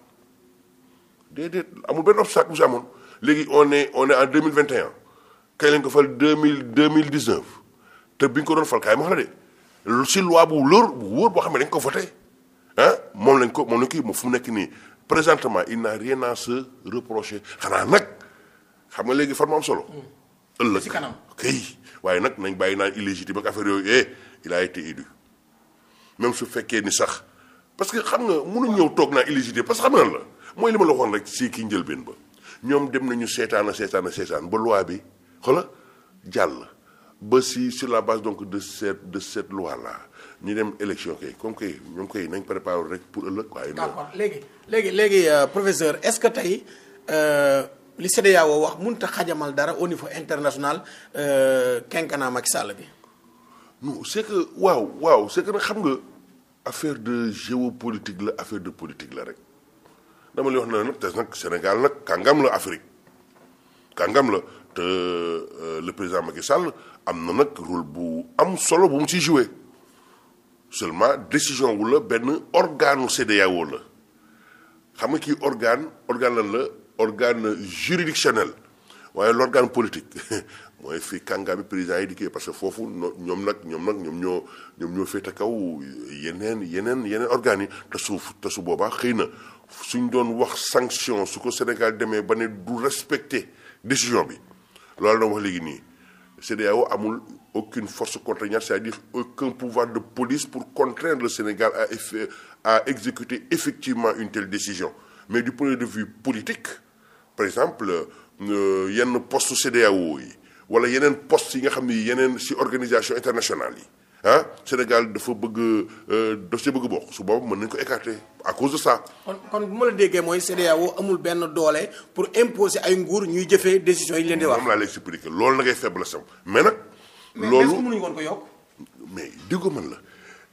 déedéet amul benn obstacle bu si amoon léegi on est on est en kañ lañ ko fa deux mille deux mille dix neuf te bi ñu ko doon fal kaay ma wax la de si loi bu lóor boo xam ne dañ ko voté ah moom lañ ko moom lañ ko moom fu mu nekk nii présentement il n'a rien xanaa nag xam nga léegi fan mu am solo. Hmm. ëllëg si waaye nag nañ bàyyi naan illégitime ak affaire yooyu eh il a été élu même su fekkee ni sax parce que xam nga mënuñ ñëw toog naa illégitime parce que xam na la mooy li ma la waxoon rek si kii njëlbeen ba ñoom dem nañu seetaan a seetaan a seetaan ba loi bi. xoola jàll ba si sur la base donc de cette de cette loi là ñu dem élection kay comme kay ñoom kay nañ préparé rek pour ëllëg waaye. d'accord léegi léegi léegi euh, professeur est-ce que tey euh, li CEDEAO wax mun a xajamal dara au niveau international euh, quinquennat Macky Sall bi. non c'est waaw waaw c'est que xam nga affaire de géopolitique la affaire de politique la rek dama lay wax ne nag Sénégal nag kàngam la Afrique kàngam la. Euh, le président Macky Sall am na nag rôle bu am solo bu mu ci joué seulement décision wu la benn organe CEDEAO la xam nga kii organe organe lan la organe juridictionnel waaye l' organe politique [LAUGHS] mooy fii kàngaa bi président yi dikkee parce que foofu ñoom nag ñoom nag ñoom ñoo ñoom ñoo kaw yeneen yeneen yeneen organes yi te suuf te boobaa xëy na suñ doon wax sanction su ko Sénégal demee ba ne du respecter décision bi loolu la wax léegi nii CEDEAO amul aucune force contraignante c'est-à-dire aucun pouvoir de police pour contraindre le Sénégal à effet à exécuter effectivement une telle décision mais du point de vue politique par exemple euh, yenn poste CEDEAO yi wala yeneen poste yi nga xam ni yeneen ci organisation internationale yi ah Sénégal dafa bëgg euh, dossier bëgg bokk su boobu mën nañ ko écarter à cause de ça. kon kon bu ma la déggee mooy CEDEAO amul benn doole pour imposer ay nguur ñuy jëfee décisions yi leen di wax. moom laa lay expliquer loolu la ngay mais nag. loolu mais mënuñu woon ko yokk. mais diggu man la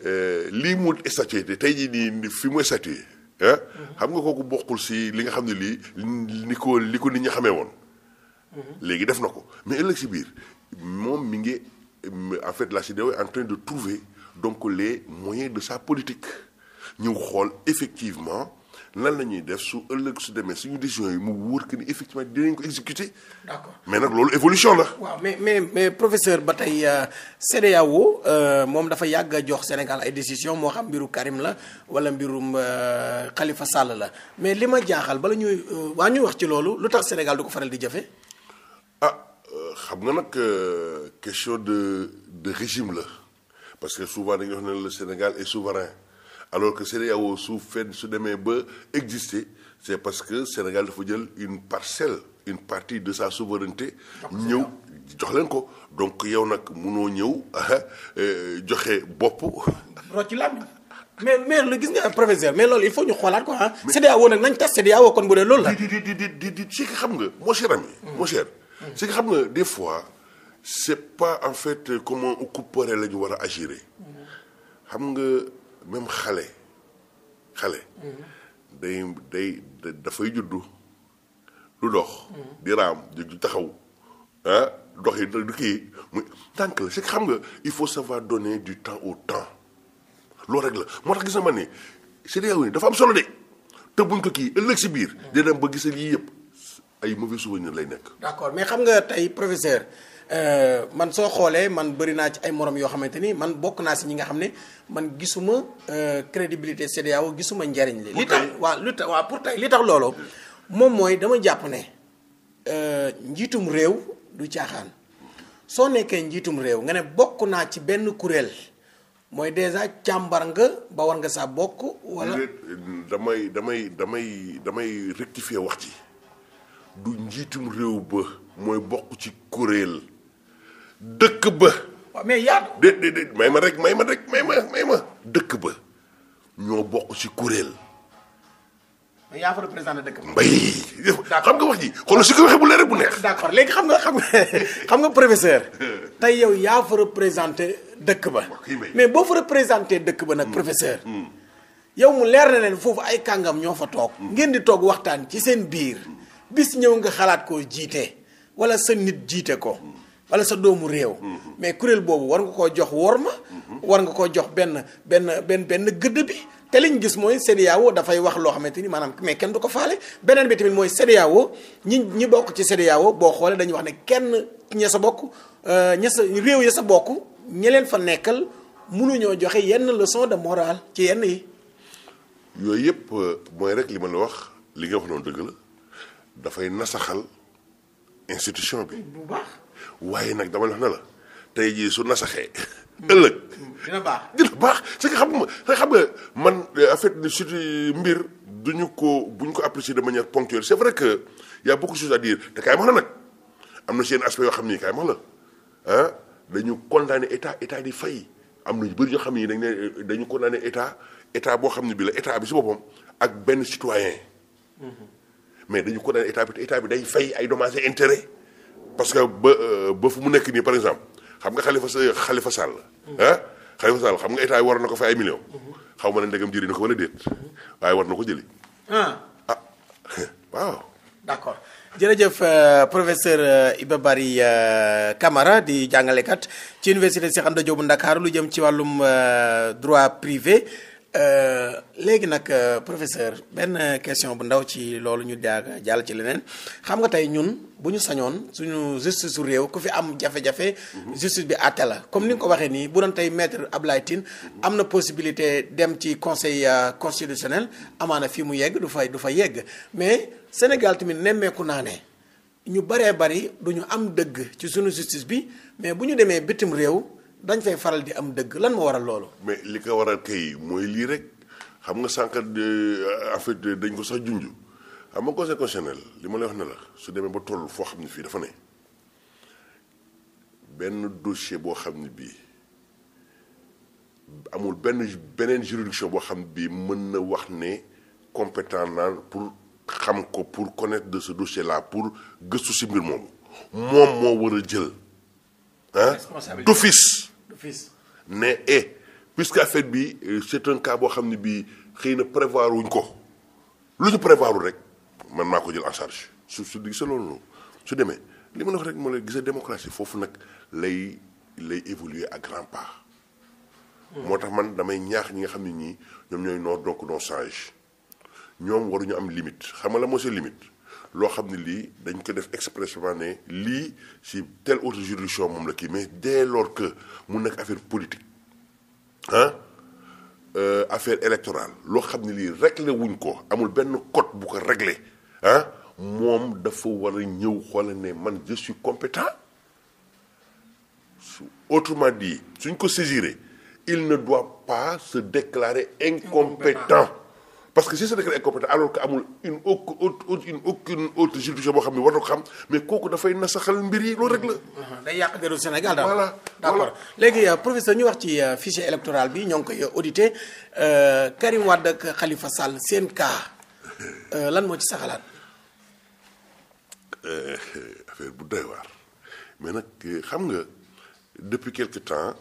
euh, lii mu statué te tey jii nii fi mu statué ah, xam nga kooku bokkul si li nga xam ne lii ni ko li ko nit ñi xamee woon. Mhm. léegi def na ko mais ëllëg si biir moom mi ngi. en fait la CEDEAO est en train de trouver donc les moyens de sa politique ñu xool effectivement nan la ñuy def su ëllëg su demee suñu décision yi mu wóor que ni effectivement dinañ ko exécuter. d'accord mais nag loolu évolution la. waaw mais mais mais professeur ba tey euh, CEDEAO euh, moom dafa yàgg a jox Sénégal ay décision moo xam mbiru Karim la wala mbirum euh, Khalifa Sall la mais li ma jaaxal bala ñuy waa ñuy wax ci loolu lu tax Sénégal du ko faral di jafe ah, xam nga nag euh, question de de régime la parce que souvent dañuy wax ne le Sénégal est souverain alors que CEDEAO su fenn su demee ba exister c'est parce que Sénégal dafa jël une parcelle une partie de sa souveraineté ñëw jox leen ko donc yow nag munoo ñëw euh, joxe bopp rocci lam mais mais lu gis nga professeur mais loolu il faut ñu xoolaat ko ah CEDEAO nag nañ tas CEDEAO kon bu dee loolu la di di di di di di xam nga mon cher ami hmm. mon c'est que xam nga des fois c'est pas en fait comment couperé la ñu war a agir xam nga même xale xale day day dafay juddu lu dox di raam di taxaw ah dox yi du kii mu tànk la si que xam nga il faut savoir donner du temps au temps loolu rek la moo tax gis na ma ne CEDEAO ni dafa am solo de te buñ ko kii ëllëg si biir day dem ba gisal yii yëpp ay mauvais souvenir lay nekk. d'accord mais xam nga tey professeur euh, man soo xoolee man bëri naa ci ay morom yoo xamante ni man bokk naa si ñi nga xam ne man gisuma euh, crédibilité CEDEAO gisuma njariñ li. li pour tey li tax loolu. moom mooy dama jàpp ne euh, njiitum réew du caaxaan soo nekkee njiitum réew nga ne bokk naa ci benn kuréel mooy déjà càmbar nga ba war nga saa bokk. wala damay damay damay damay rectifier wax ci du njiitum réew ba mooy bokk ci kuréel dëkk ba. mais yaatu. de de de may ma rek may ma rek may may ma. dëkk ba ñoo bokk ci kuréel. mais yaa fa représenté dëkk ba. mbay xam nga wax ji xoolal su ko waxee bu leer rek bu neex. léegi xam nga xam [LAUGHS] xam nga professeur. [LAUGHS] tey yow yaa fa représenté dëkk ba. mais boo fa représenté dëkk ba nag mm. professeur. Mm. yow mu leer na leen foofu ay kàngam ñoo fa toog. Mm. ngeen di toog waxtaan ci seen biir. bis ñëw nga xalaat koo jiite wala sa nit jiite ko wala sa doomu réew mm-hmm. mais kuréel boobu war nga koo jox wor ma mm-hmm. war nga koo jox benn benn benn benn gëdd bi te liñ gis mooy CEDEAO dafay wax loo xamante ni maanaam mais kenn du ko faale beneen bi tamit mooy CEDEAO ñi ñi bokk ci CEDEAO boo xoolee dañuy wax ne kenn ña sa bokk euh, ña sa réew ya sa bokk ña leen fa nekkal mënuñoo joxe yenn leçon de morale ci yenn yi yooyu yëpp euh, mooy rek li ma la wax li nga wax noonu dëgg dafay nasaxal institution bi. bu baax waaye nag dama la wax la tey jii su nasaxee. Hmm. ëllëg dina baax dina baax c'est xam nga xam nga man en fait surtout mbir du ñu ko buñ ko apprécier de manière ponctuelle c'est vrai que y a beaucoup de choses à dire te kaay ma la nag am na seen aspect yoo xam ni kaay ma la ah dañu condamné état état di fay am na ñu bëri yoo xam ni dañ ne dañu condamné état état boo xam ne bi la état bi si boppam ak benn citoyen. Hmm. mais dañu ko daan état bi day fay ay dommages et parce que ba euh, ba fu mu nekk nii par exemple xam nga Khalifa Khalifa Sall. ah Khalifa Sall xam nga état war na ko fay ay millions. Mhm. xaw ma ne ndegam jëli na ko wala déet mhm. waaye war na ko jëli. ah, ah. [LAUGHS] waaw. d'accord jërëjëf euh, professeur euh, Iba Barry Camara di jàngalekat ci université Cheikh Anta Diop bu Ndakaaru lu jëm ci wàllum droit privé. Euh, léegi nag euh, professeur benn question bu ndaw ci loolu ñu jaar jàll ci leneen xam nga tey ñun bu ñu sañoon suñu justice su réew ku fi am jafe-jafe. Mhm. justice bi àtte la comme ni nga ko waxee nii bu doon tey maître Ablaye Tine mhm. am na possibilité dem ci conseil euh, constitutionnel amaana fii mu yegg du fay du fa yegg mais Sénégal tamit nemmeeku naa ne ñu baree bari du ñu am dëgg ci suñu justice bi mais bu ñu demee bitim réew. dañ fay faral di am dëgg lan war a loolu. mais li ko a kay mooy lii rek xam nga sànq euh, en fait dañ ko sax junj xam nga li ma lay ne la su ba toll foo xam ne fii dafa ne benn dossier boo xam ne bii amul benn beneen juridiction boo xam ne bii mën na wax ne compétent naan pour xam ko pour connaître de ce dossier là pour gëstu si moom moom moo war a jël. ah d'office fils ne eh puisque affaire bi euh, c'est un cas boo xam ne bii xëy na prévoir wuñ ko lu ñu prévoir rek man maa ko jël en charge su su gisee loolu su demee li ma wax rek moo lay gisee démocratie foofu nag lay lay évoluer à grands pas. Hmm. moo tax man damay ñaax ñi nga xam ne ñii ñoom ñooy noo donc noo change ñoom waruñu am limite xam nga la moo seen limite. loo xam ne lii dañ ko def expressément ne lii si telle autre juridiction moom la kii mais dès lors que mu nekk affaire politique euh, affaire électorale loo xam ne lii réglé wuñ ko amul benn code bu ko réglé moom dafa war a ñëw xoola ne man je suis compétent su autrement dit suñ ko saisiré il ne doit pas se déclarer incompétent parce que si ce décret est compétent alors que amul une autre une aucune autre juridiction boo xam ne war na ko xam mais kooku dafay nasaxal mbir yi loolu rek la. Uh-huh. day yàq deru Sénégal daal voilà. d' accord léegi euh, professeur ñu wax ci euh, fichier électoral bi ñoo ngi koy euh, audité Karim Wade ak Khalifa Sall seen cas lan moo ci saxalaat. affaire bu doy waar mais nag xam nga depuis quelque temps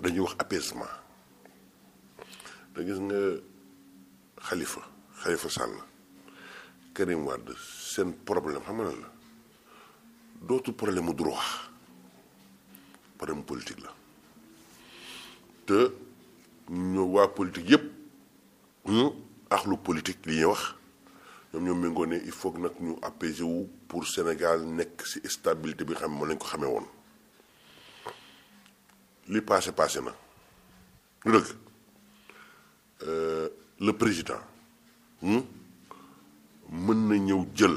dañuy wax apaisement da gis nga. xalifa xalifa sàll Karim Wade seen problème xam nga la dootul problème mu droit problème politique la te ñu waa politique yépp axlu politique li ñuy wax ñoom ñoom méngoo ne il faut nag ñu apaiser wu pour Sénégal nekk ci stabilité bi nga xam ne lañ ko xamee woon li passé passé na lu dëgg euh, le président hmm, mën na ñëw jël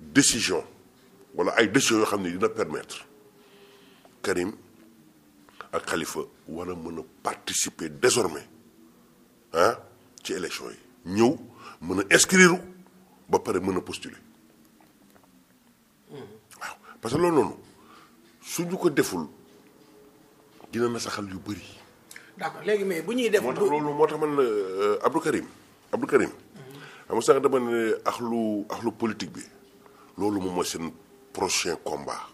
décision wala ay décisions yoo xam ne dina permettre Karim ak Khalifa war mën a participer désormais ah ci élection yi ñëw mën a inscrire ba pare mën a postuler waaw parce que loolu noonu suñu ko deful dina na yu bëri. d'accord léegi mais bu ñuy def. moo tax moo tax man euh, Abdou Karim Abdou Karim. xam nga sax dama ne ak lu ak lu politique bi loolu moom mooy seen prochain combat.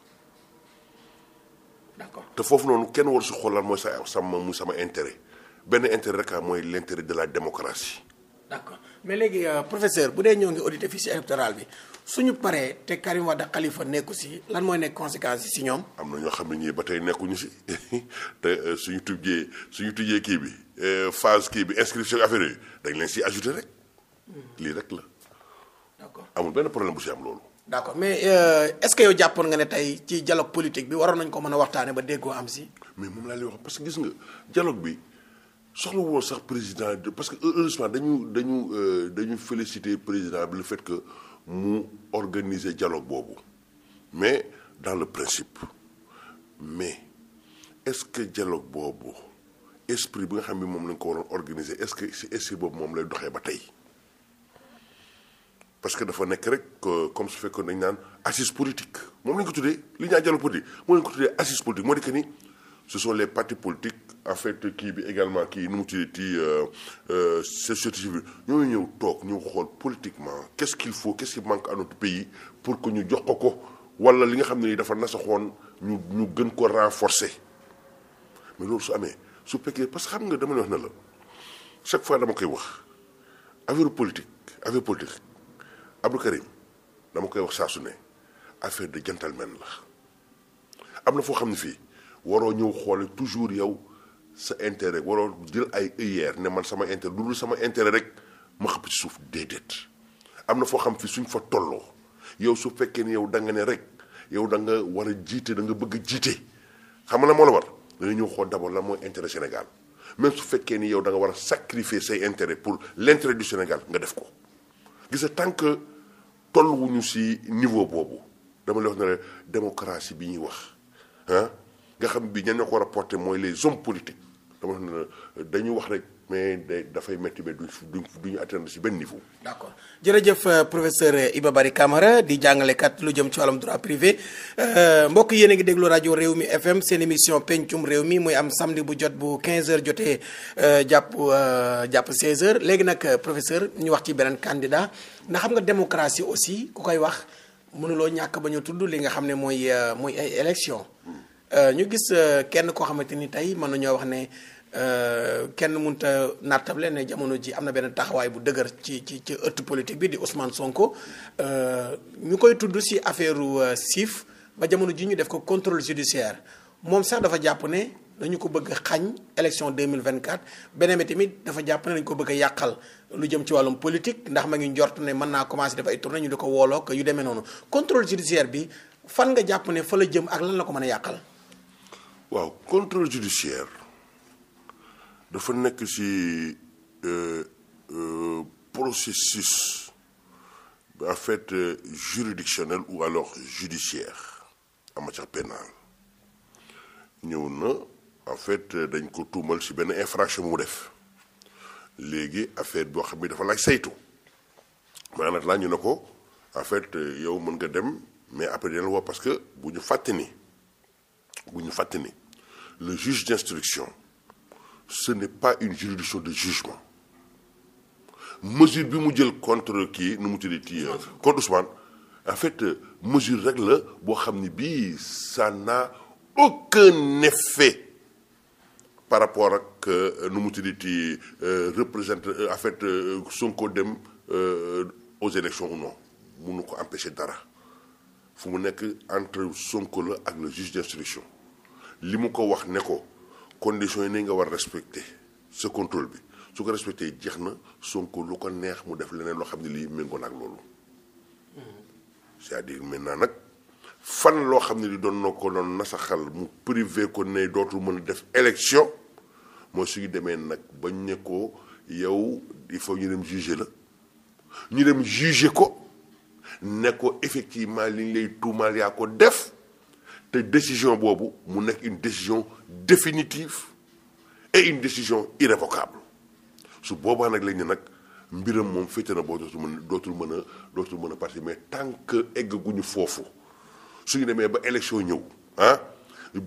d'accord te foofu noonu kenn war si xoolal mooy sa sama mu sama intérêt benn intérêt rek mooy l'intérêt de la démocratie. d'accord mais léegi euh, professeur bu dee ñëw ngi audité fichier électoral bi suñu paree te Karim de Khalifa nekku si lan mooy nekk conséquence yi si ñoom. am na ñoo xam ne ñii ba tey nekkuñu si [LAUGHS] te euh, suñu tujjee suñu tujjee kii bi euh, phase kii bi inscription affaire yi dañ leen si ajouté rek hmm. lii rek la. d'accord amul benn problème bu si am loolu. d'accord mais euh, est-ce yow jàppoon nga ne tey ci dialogue politique bi waroon nañ ko mën a waxtaanee ba déggoo am si. mais moom laa lay wax parce que gis nga dialogue bi soxla woo sax président parce que heureusement dañu dañu euh, dañu féliciter président bi le mu organiser dialogue boobu mais dans le principe mais est-ce que dialogue boobu esprit bi nga xam ne moom lañ ko waroon organiser est-ce que si esprit boobu moom lay doxee ba tey parce que dafa nekk rek comme su fekkoon dañ naan assise politique moom lañ ko tuddee li ñu naan dialogue politique moom lañ ko tuddee assise politique moo di que ni ce sont les partis politiques. affecté kii bi également kii nu mu tuddati euh, euh, société civile ñoo ñëw toog ñëw xool politiquement qu'est-ce qu'il faut quest manque à notre pays pour que ñu jox ko ko wala li nga xam ne ni dafa nasaxoon ñu ñu gën ko renforcer mais loolu su amee su fekkee parce que xam nga dama ne wax na la chaque fois dama koy wax affaire politique affaire politique Abdou Karim dama koy wax saa su ne affaire de gentleman la am na foo xam ne fii waroo ñëw xoole toujours yow sa intérêt waroo jël ay œillères ne man sama intérêt lu dul sama intérêt rek ma xëpp ci suuf déedéet am na foo xam fi suñ fa tolloo yow su fekkee ne yow da nga ne rek yow da nga war a jiite da nga bëgg jiite xam nga la moo la war dañu ñëw xool d'abord la mooy intérêt Sénégal même su fekkee ni yow da nga war a sacrifier say intérêt pour l'intérêt du Sénégal nga def ko gis nga tant que tolluwuñu si niveau boobu dama lay wax ne la démocratie bi ñuy wax ah nga xam bi ñan ñoo ko war mooy les hommes politiques dama wax ne mais day métti ba duñ duñu atteindre si benn niveau. d' accord jërëjëf euh, professeur Iba Barry Camara di jàngalekat lu jëm ci wàllum droit privé euh, mbokk yéen a déglu rajo réew mi FM seen émission pencum réew mi muy am samedi bu jot bu 15h jotee euh, jàpp jàpp 16h léegi nag professeur ñu wax ci beneen candidat ndax xam nga démocratie aussi ku koy wax mënuloo ñàkk ba ñu tudd li nga xam ne mooy mooy ay élection Euh, ñu gis euh, kenn koo xamante ni tey mën nañoo wax ne euh, kenn mënut a nattable ne jamono ji am na benn taxawaay bu dëgër ci ci ci ëtt politique bi di Ousmane Sonko ñu koy tudd si affaire siif ba jamono ji ñu def ko contrôle judiciaire moom sax dafa jàpp ne dañu ko bëgg a xañ vingt 2024 beneen bi tamit dafa jàpp ne dañu ko bëgg yàqal lu jëm ci wàllum politique ndax ma ngi njort ne mën naa commencé def ay tournée ñu di ko wooloo yu demee noonu contrôle judiciaire bi fan nga jàpp ne fa la jëm ak lan la ko mën a yàqal. waaw contrôle judiciaire dafa nekk ci euh, euh, processus en fait euh, juridictionnel ou alors judiciaire en matière pénale ñëw na en dañ ko tuumal ci benn infraction mu def léegi affaire boo xam bi dafa laaj saytu maanaam laa ñu ne ko en fait yow mën nga dem mais après dina la woo parce que bu ñu fàtte ni bu ñu fàtte ne le juge d'instruction ce n'est pas une juridiction de jugement mesure bi mu jël contre kii nu mu tuddee euh, ci contre Ousmane en fait euh, mesure rek la boo xam ni bii ça n'a aucun effet par rapport ak euh, nu mu tuddee ci représente en fait Sonko dem aux élections ou non mënu ko empêcher dara. fu mu nekk entre Sonko la ak le juge d'instruction li mu ko wax ne ko conditions yi ne nga war respecter ce contrôle bi su ko respecté jeex na Sonko lu ko neex mu def leneen loo xam ne lii méngoo na loolu c'est-à-dire nag fan loo xam ne li doon na ko doon nasaxal mu privé ko ne dootul mën a def élection mooy su ñu demee nag ba ne ko yow il faut ñu dem juger la ñu dem juger ko ne ko effectivement li ñu lay tuumaal yaa ko def te décision boobu mu nekk une décision définitive et une décision irrévocable su boobaa nag lañ ne nag mbiram moom féete na boo dootul mën dootul mën a dootul mën a parti mais tant que eggaguñu foofu suñu demee ba élection ñëw ah nu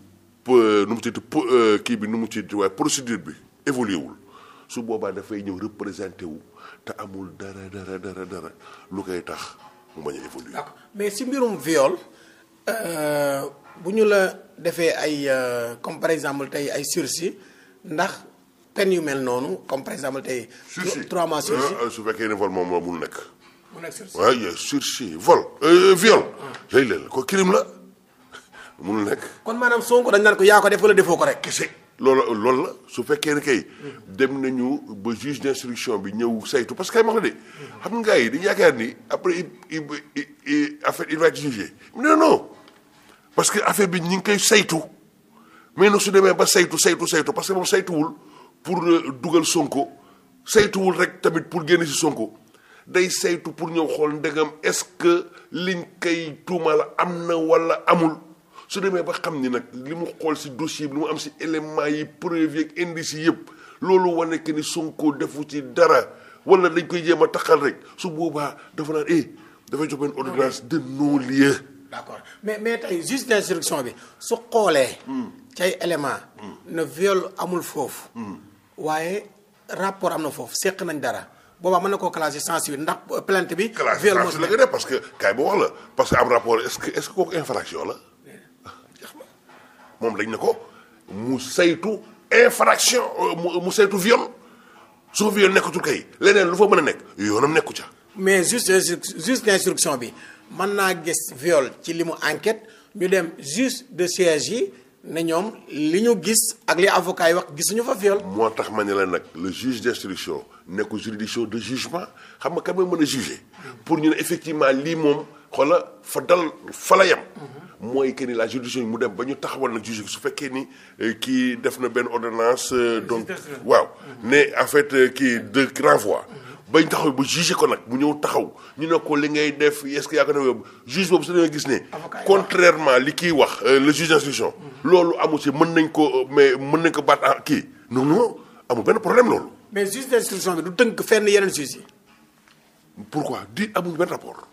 mu ci tudd euh, kii bi nu mu ci waaye procédure bi évolué wul su boobaa dafay ñëw représenté wu te amul dara dara dara dara lu koy tax mu bañ a évoluer. mais si mbirum viole euh, bu ñu la defee ay euh, comme par exemple tey ay sursis ndax peine yu mel noonu comme par exemple tey. sursis trois mois sursis euh, su fekkee ne vol moom mun nekk. mu nekk sursis waaye sursis vol viol. Ah. léeg ko crime la [LAUGHS] mun nekk. kon maanaam Sonko dañ naan ko yaa ko def wala defoo ko rek. loolu loolu la su fekkee ne kay. dem nañu ba juge d'instruction bi ñëw saytu parce que kay ma wax de. xam nga gars yi dañu yaakaar ni après il il affaire il va être jugé non non parce que affaire bi ñu ngi koy saytu mais nag su demee ba saytu saytu saytu parce que moom saytuwul pour euh, dugal Sonko saytuwul rek tamit pour génn ci Sonko day saytu pour ñëw xool ndegam est-ce que liñ koy tuumal am na walla amul. su demee ba xam ni nag li mu xool si dossier bi li mu am si élément yi preuve yeeg indice yëpp loolu wane que ni Sonko defu ci dara wala dañ koy jéem a taxal rek su boobaa dafa naan eh dafay jox benn ordonnance de non lieu. mais mais tey juge d'instruction bi su xoolee. Hmm. cay élément hmm. na viol amul foofu. Hmm. waaye rapport am na foofu seq nañ dara. boobaa mën na koo classé sans suite ndax plainte bi. viol moo la nga def parce que kaay boo wax la parce que am rapport est-ce est kooku infraction la. moom lañ ne ko mu saytu infraction euh, mu saytu viol su fa viol nekkatul kay leneen lu fa mën a nekk yoonam nekku ca. mais juste juste bi mën naa gis viole ci li mu enquête ñu dem juste de siège yi ne ñoom li ñu gis ak li avocat yi wax gisuñu fa viol. moo tax ma ne la nag le juge d'instruction nekku juridiction de jugement xam nga kan mën a juger pour ñu ne effectivement lii moom xoola fa dal fa la mooy que ni la juridiction mu dem ba ñu taxawal nag juge su fekkee ni euh, kii def na benn ordonnance euh, euh, donc waaw mm-hmm. ne en fait kii de renvoi mm-hmm. bañ taxaw ba jugé ko nag mu ñëw taxaw ñu ne ko li ngay def est-ce que yaa ko def juge boobu su dañoo gis ne contrairement li kii wax le juge d'instruction mm-hmm. loolu amu ci mën nañ ko mais mën nañ ko baat ah, kii non non amul benn problème loolu mais juge d'instruction bi du tënk fenn yeneen juge yi pourquoi di amul benn rapport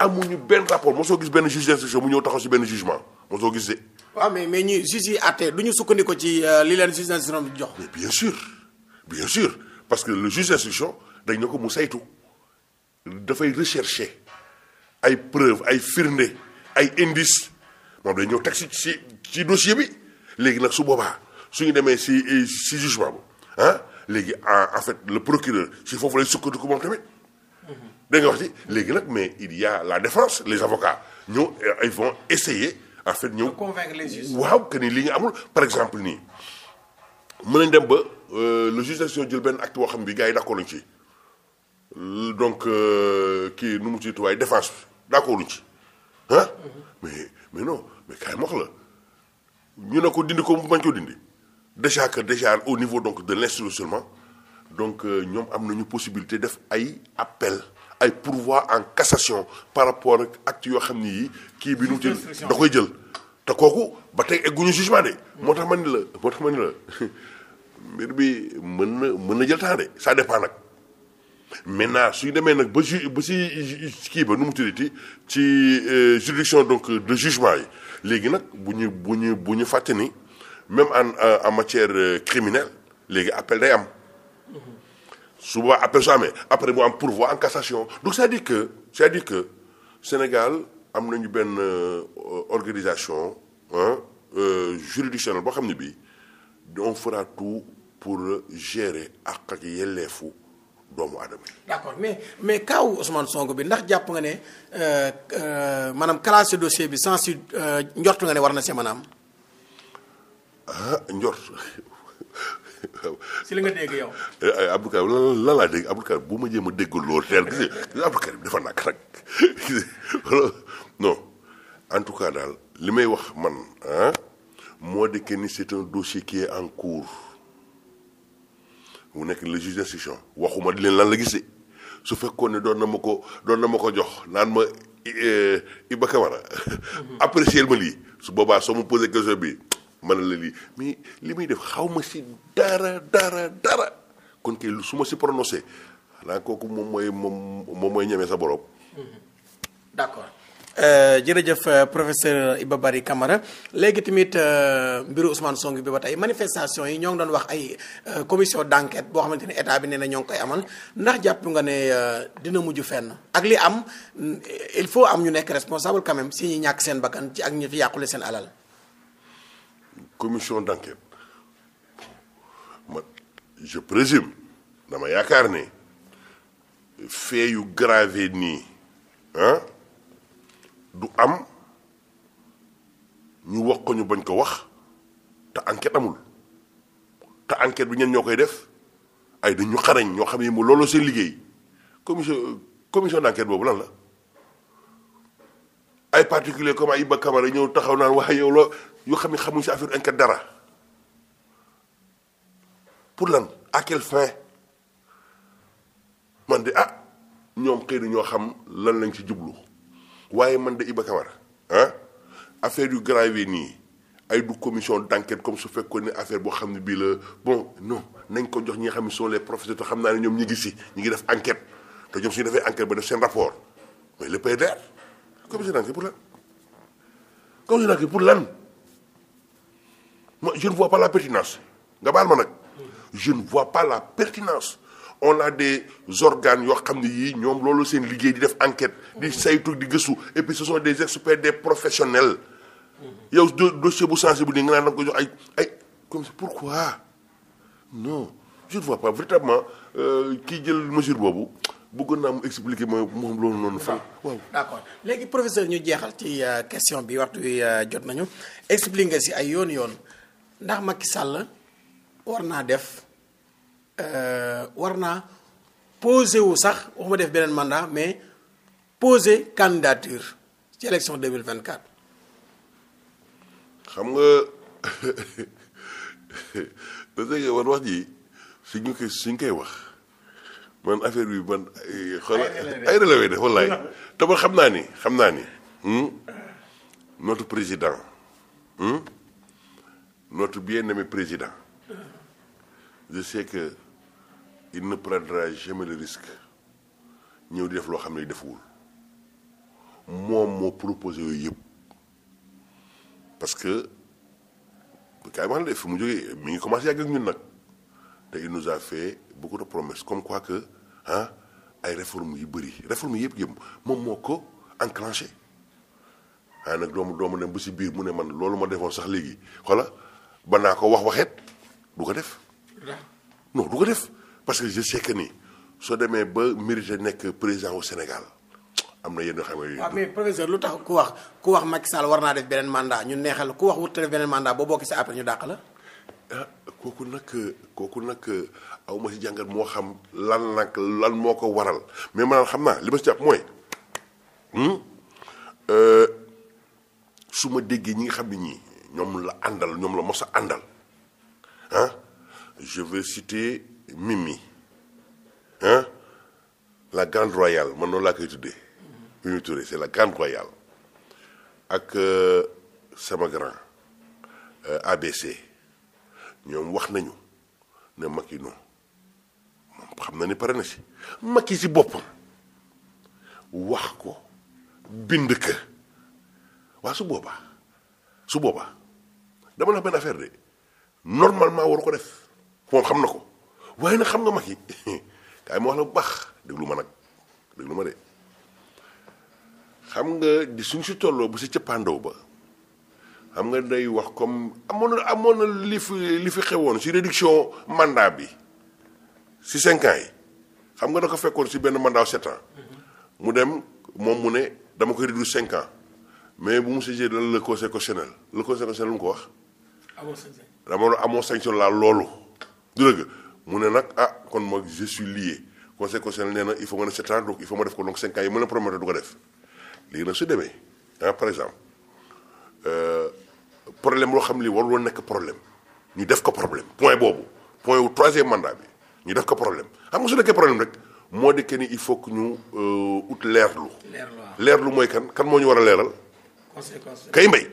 am ñu benn rapport mosoo gis benn juge d'instruction mu ñëw taxaw si benn jugement mosoo gis de. waaw ah, mais mais ñuy juge yi àtte du ñu sukkandiku ci euh, li leen juge d'instruction bi jox. bien sûr bien sûr parce que le juge d'instruction dañ ne ko mu saytu dafay rechercher ay preuve ay firnde ay indice moom dañ ñëw teg si si ci dossier bi léegi nag su boobaa su ñu demee si si jugement bu ah léegi en fait le procureur si foofu lay sukkandiku moom tamit. dégg nga wax ci léegi nag mais il y la défense les avocats ñoo euh, ils vont essayer en fait ñëw. convaincre les waaw que ni li ñu amul par exemple nii mën nañ dem ba euh, le juge d'instruction jël benn acte boo xam bi gars yi d'accord luñ ci euh, donc kii nu mu tudd waaye défense bi luñ ci ah. mais mais mais kaay mox ñu ne ko dindi ko mu bañ ko dindi déjà que déjà au niveau donc de l'instruction seulement donc ñoom am na ñu possibilité def ay appel. ay pour pourvoi en cassation par rapport ak acte yoo xam ni yi kii bi nu jël da koy jël te kooku ba tey egguñu jugement de moo tax ma ni la moo tax ma ni la mbir bi mën na mën na jël temps de ça dépend nag maintenant suñu demee nag ba ju ba si kii ba nu mu tuddati ci euh, juridiction donc de jugement yi léegi nag bu ñu bu ñu bu ñu fàtte ni même en en matière criminelle léegi appel day am su boobaa appel su amee après mu am pourvoi en cassation donc c'est-à-dire que cest di dire que Sénégal am nañu benn euh, organisation ah juridictionnelle boo xam ne bii donc fera tout pour gérer ak ak yelleefu doomu aadama yi. d'accord mais mais kaw Ousmane Sonko bi ndax jàpp nga ne euh, maanaam classé dossier bi sans si njort nga ne war na see maanaam. ah njort. waaw si li nga dégg yow. Eh, eh, Abdou Karim lan lan dégg Abdou Karim bu ma jéem a dégg loolu teel gis nga Abdou dafa nàkk nag [LAUGHS] non en tout cas daal li may wax man ah moo di que ni c'est un dossier qui en cours mu nekk le juge waxuma di leen lan la gisee su fekkoon ne doon na ma ko doon na ma ko jox naan ma eh, Iba Camara mhm. [LAUGHS] apprécier ma lii su boobaa soo ma posé question bi. mën la lii mais li muy def xaw ma si dara dara dara kon kay su ma si prononcé xanaa kooku moom mooy moom moom mooy ñeme sa borom. Mhm. d'accord euh, jërëjëf euh, professeur Iba Barry Camara léegi tamit euh, mbiru Ousmane bi ba tey manifestation yi ñoo ngi doon wax ay commission d'enquête boo xamante ne état bi nee na ñoo ngi koy amal ndax jàpp nga ne dina mujj fenn ak li am il faut am ñu nekk responsable quand même si ñu ñàkk seen bakkan ci ak ñu fi yàqule seen alal. commission d'enquête ma je présume dama yaakaar ne fait yu gravé nii ah du am ñu wax ko ñu bañ ko wax te enquête amul te enquête bi ñen ñoo koy def ay dañu xarañ ñoo xam ne mu loolu seen liggéey commission commission d'enquête boobu lan la ay particulier comme ay Iba Camara ñëw taxaw naan waaye yow loo yoo xam ne xamuñ si affaire enquête dara pour lan à quelle fin man de ah ñoom xëy na ñoo xam lan lañ ci jublu waaye man de Iba Camara ah affaire yu grave nii ay du commission d'enquête comme su fekkoon ni affaire boo xam ne bii la bon non nañ ko jox ñi xam ne sont les te xam naa ne ñoom ñi ngi si ñi ngi def enquête te ñoom suñu defee enquête ba def seen rapport mais le PDR commission commission d'enquête pour lan moo je ne vois pas la pertinence nga baal ma nag je ne vois pas la pertinence on a des organes yoo xam ne yii ñoom loolu seen liggéey di def enquête di saytu di gëstu et puis ce sont des experts des professionnels yow dossier bu sensible nii nga naan da nga ko jox ay ay comme ça pourquoi non je ne vois pas véritablement euh, kii jël mesure boobu bëggoon naa mu expliquer ma moom loolu noonu. fa waaw léegi professeur ñu jeexal ci euh, question bi waxtu wi euh, jot nañu expliquer nga si ay yoon yoon. ndax Macky Sall war naa def euh, war naa poser wu sax waxuma def beneen mandat mais poser candidature ci élection 2024. xam nga da dégg war wax ji suñ koy suñ koy wax man affaire bi man. xool ay relevé de wallaay te xam naa ni xam naa ni. Hmm, notre président. Hmm, notre bien-aimé président, je sais que il ne prendra jamais le risque ñëw di def loo xam ne defuwul moom moo proposé yooyu yëpp parce que kaay ma def mu jógee mi ngi commencé yàgg ak ñun nag te il nous a fait beaucoup de promesses comme quoi que ay réformes yu bëri réformes yëpp yëpp moom moo ko enclenché ah nag doomu doomu ne ba si biir mu ne man loolu ma defoon sax léegi xoola ba naa ko wax waxeet du ko def. non du ko def parce que je sais que soo demee ba mérité nekk président au Sénégal am na yenn xam nga. Ah, waaw mais professeur lu tax ku wax ku wax Macky Sall war naa def beneen mandat ñu neexal ku wax wut def beneen mandat boo bokk ci après ñu dàq la. Ah, kooku nag kooku nag aw ma jàngat moo xam lan nag lan moo ko waral mais maanaam xam naa li ma ci jàpp mooy hmm, euh, su ma déggee ñi nga xam ne ñii. ñoom la àndal ñoom la mos a àndal ah je vais citer Mimi ah la grande royale man noonu laa koy tuddee Mimi Touré c'est la grande royale ak euh, sama grand euh, ABC ñoom wax nañu ne Macky non xam na ni pare na si Macky si boppam wax ko bind ka waa su boobaa su boobaa dama la benn affaire de normalement waru ko def moom xam na ko waaye nag xam nga mag yi [LAUGHS] kaay ma bu baax déglu ma nag déglu ma de xam nga suñ si tolloo bu si cëppaandaw ba xam nga day wax comme amoon na amoon na li fi li fi xewoon si réduction mandat bi si cinq yi xam nga da ko fekkoon si benn mandat sept ans mhm. mu dem moom mu ne dama koy réduire cinq ans mais bu mu sëggee dal le conseil constitutionnel le conseil lu mu ko wax dama amoo sanction laa loolu du dëgg mu ne nag ah kon ma je suis lié conseil constitutionnel nee na il faut ma ne sept ans donc il faut ma def ko donc cinq ans yi mën a promettre du ko def léegi su demee ah problème loo xam li warul woon nekk problème ñu def ko problème point boobu point wu troisième mandat bi ñu def ko problème xam nga su nekkee problème moo di que ni il faut que ñu euh, ut leerlu leerlu mooy kan kan moo ñu war a leeral kay mbay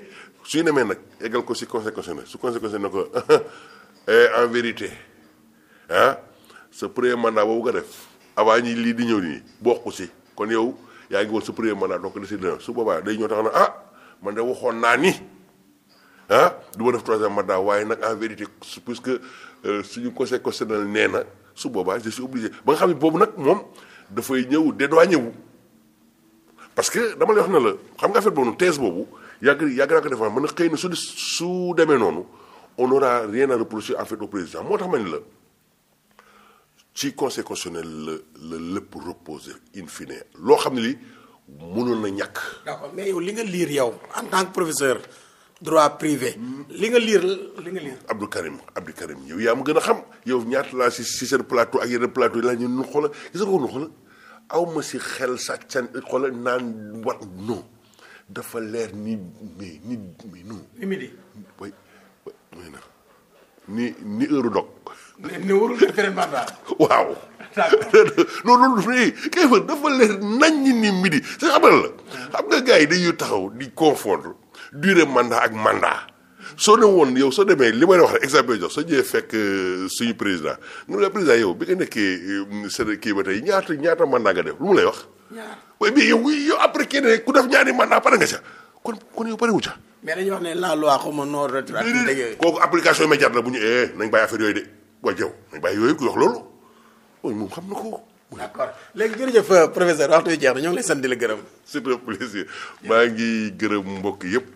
suy demee nag eggal ko si conseil constitutionnel su conseil constitutionnel ko [LAUGHS] eh, en vérité ah sa premier mandat boobu nga def avant ñi lii di ñëw nii bokku si kon yow yaa ngi woon sa premier mandat donc su boobaa day ñëw na ah man de waxoon naa ni ah du ma def troisième mandat waaye nag en vérité puisque euh, suñu conseil nee na su boobaa je suis obligé ba nga xam ne boobu nag moom dafay ñëw dédouané ñëwu parce que dama lay wax ne la xam nga affaire boobu thèse boobu. yàgg yàgg naa ko defar man xëy na su su demee noonu on aura rien à reprocher en fait au président moo tax ma ne la ci conseil constitutionnel la la lépp reposer in fine loo xam ne lii mënoon na ñàkk. d'accord yow li nga liir yow en tant que professeur droit privé. Hmm. li nga liir li nga liir. Abdou Karim Abdou Karim yow yaa mu gën a xam yow ñaata laa si si seen plateau ak yeneen plateau yi laa ñu nu xoolal gis nga ko nu xoolal aw ma si xel sàccan xoolal naan wat non. dafa leer ni mais ni mais non. ni midi. oui oui na dog. ni warul benn mandat. [LAUGHS] waaw. non loolu fii kay fa dafa leer naññ ni midi sa xamal la. xam nga gars yi dañuy taxaw di confondre durée mandat ak mandat. soo ne woon yow soo demee li ma may wax rek exemple jox soo ñëwee fekk euh, suñu président nga ne la président yow bi nga nekkee euh, seen kii ba tey ñaata ñaata mandat nga def lu mu lay wax. waaye mais yow yow après kenn ku def ñaari mandat pare nga ca kon kon yow pare wu ca. mais wax ne la loi xaw ma non rétroactive. kooku application immédiate la bu ñu eh nañ bàyyi affaire yooyu de waa Diaw nañ bàyyi yooyu ku wax xam na ko. d' accord léegi jërëjëf euh, professeur waxtu wi jeex na ñoo ngi lay sant di la gërëm. c'est un plaisir maa ngi gërëm mbokk yëpp.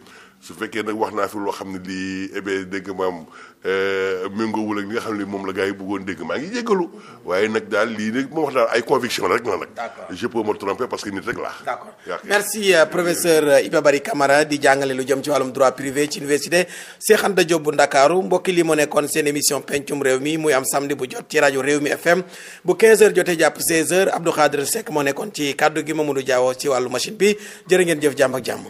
su fekkee nag wax naa fi loo xam ne lii eh bien dégg maam eh, méngoowul ak li nga xam ne moom la gars yi bëggoon dégg maa ngi jéggalu waaye nag daal lii nag moo wax daal ay conviction rek la nag. je peux me tromper parce que nit rek laa. d'accord merci euh, professeur euh, Iba Barry Camara di jàngale lu jëm ci wàllum droit privé ci université Cheikh Anta bu Ndakaaru mbokki li mu nekkoon seen émission pencum réew mi muy am samedi bu jot ci rajo réew mi FM bu 15h jotee jàpp 16h Abdou Khadre Seck moo nekkoon ci kàddu gi Mamadou Diawo ci wàllu machine bi jërë ngeen jëf jàmm jàmm.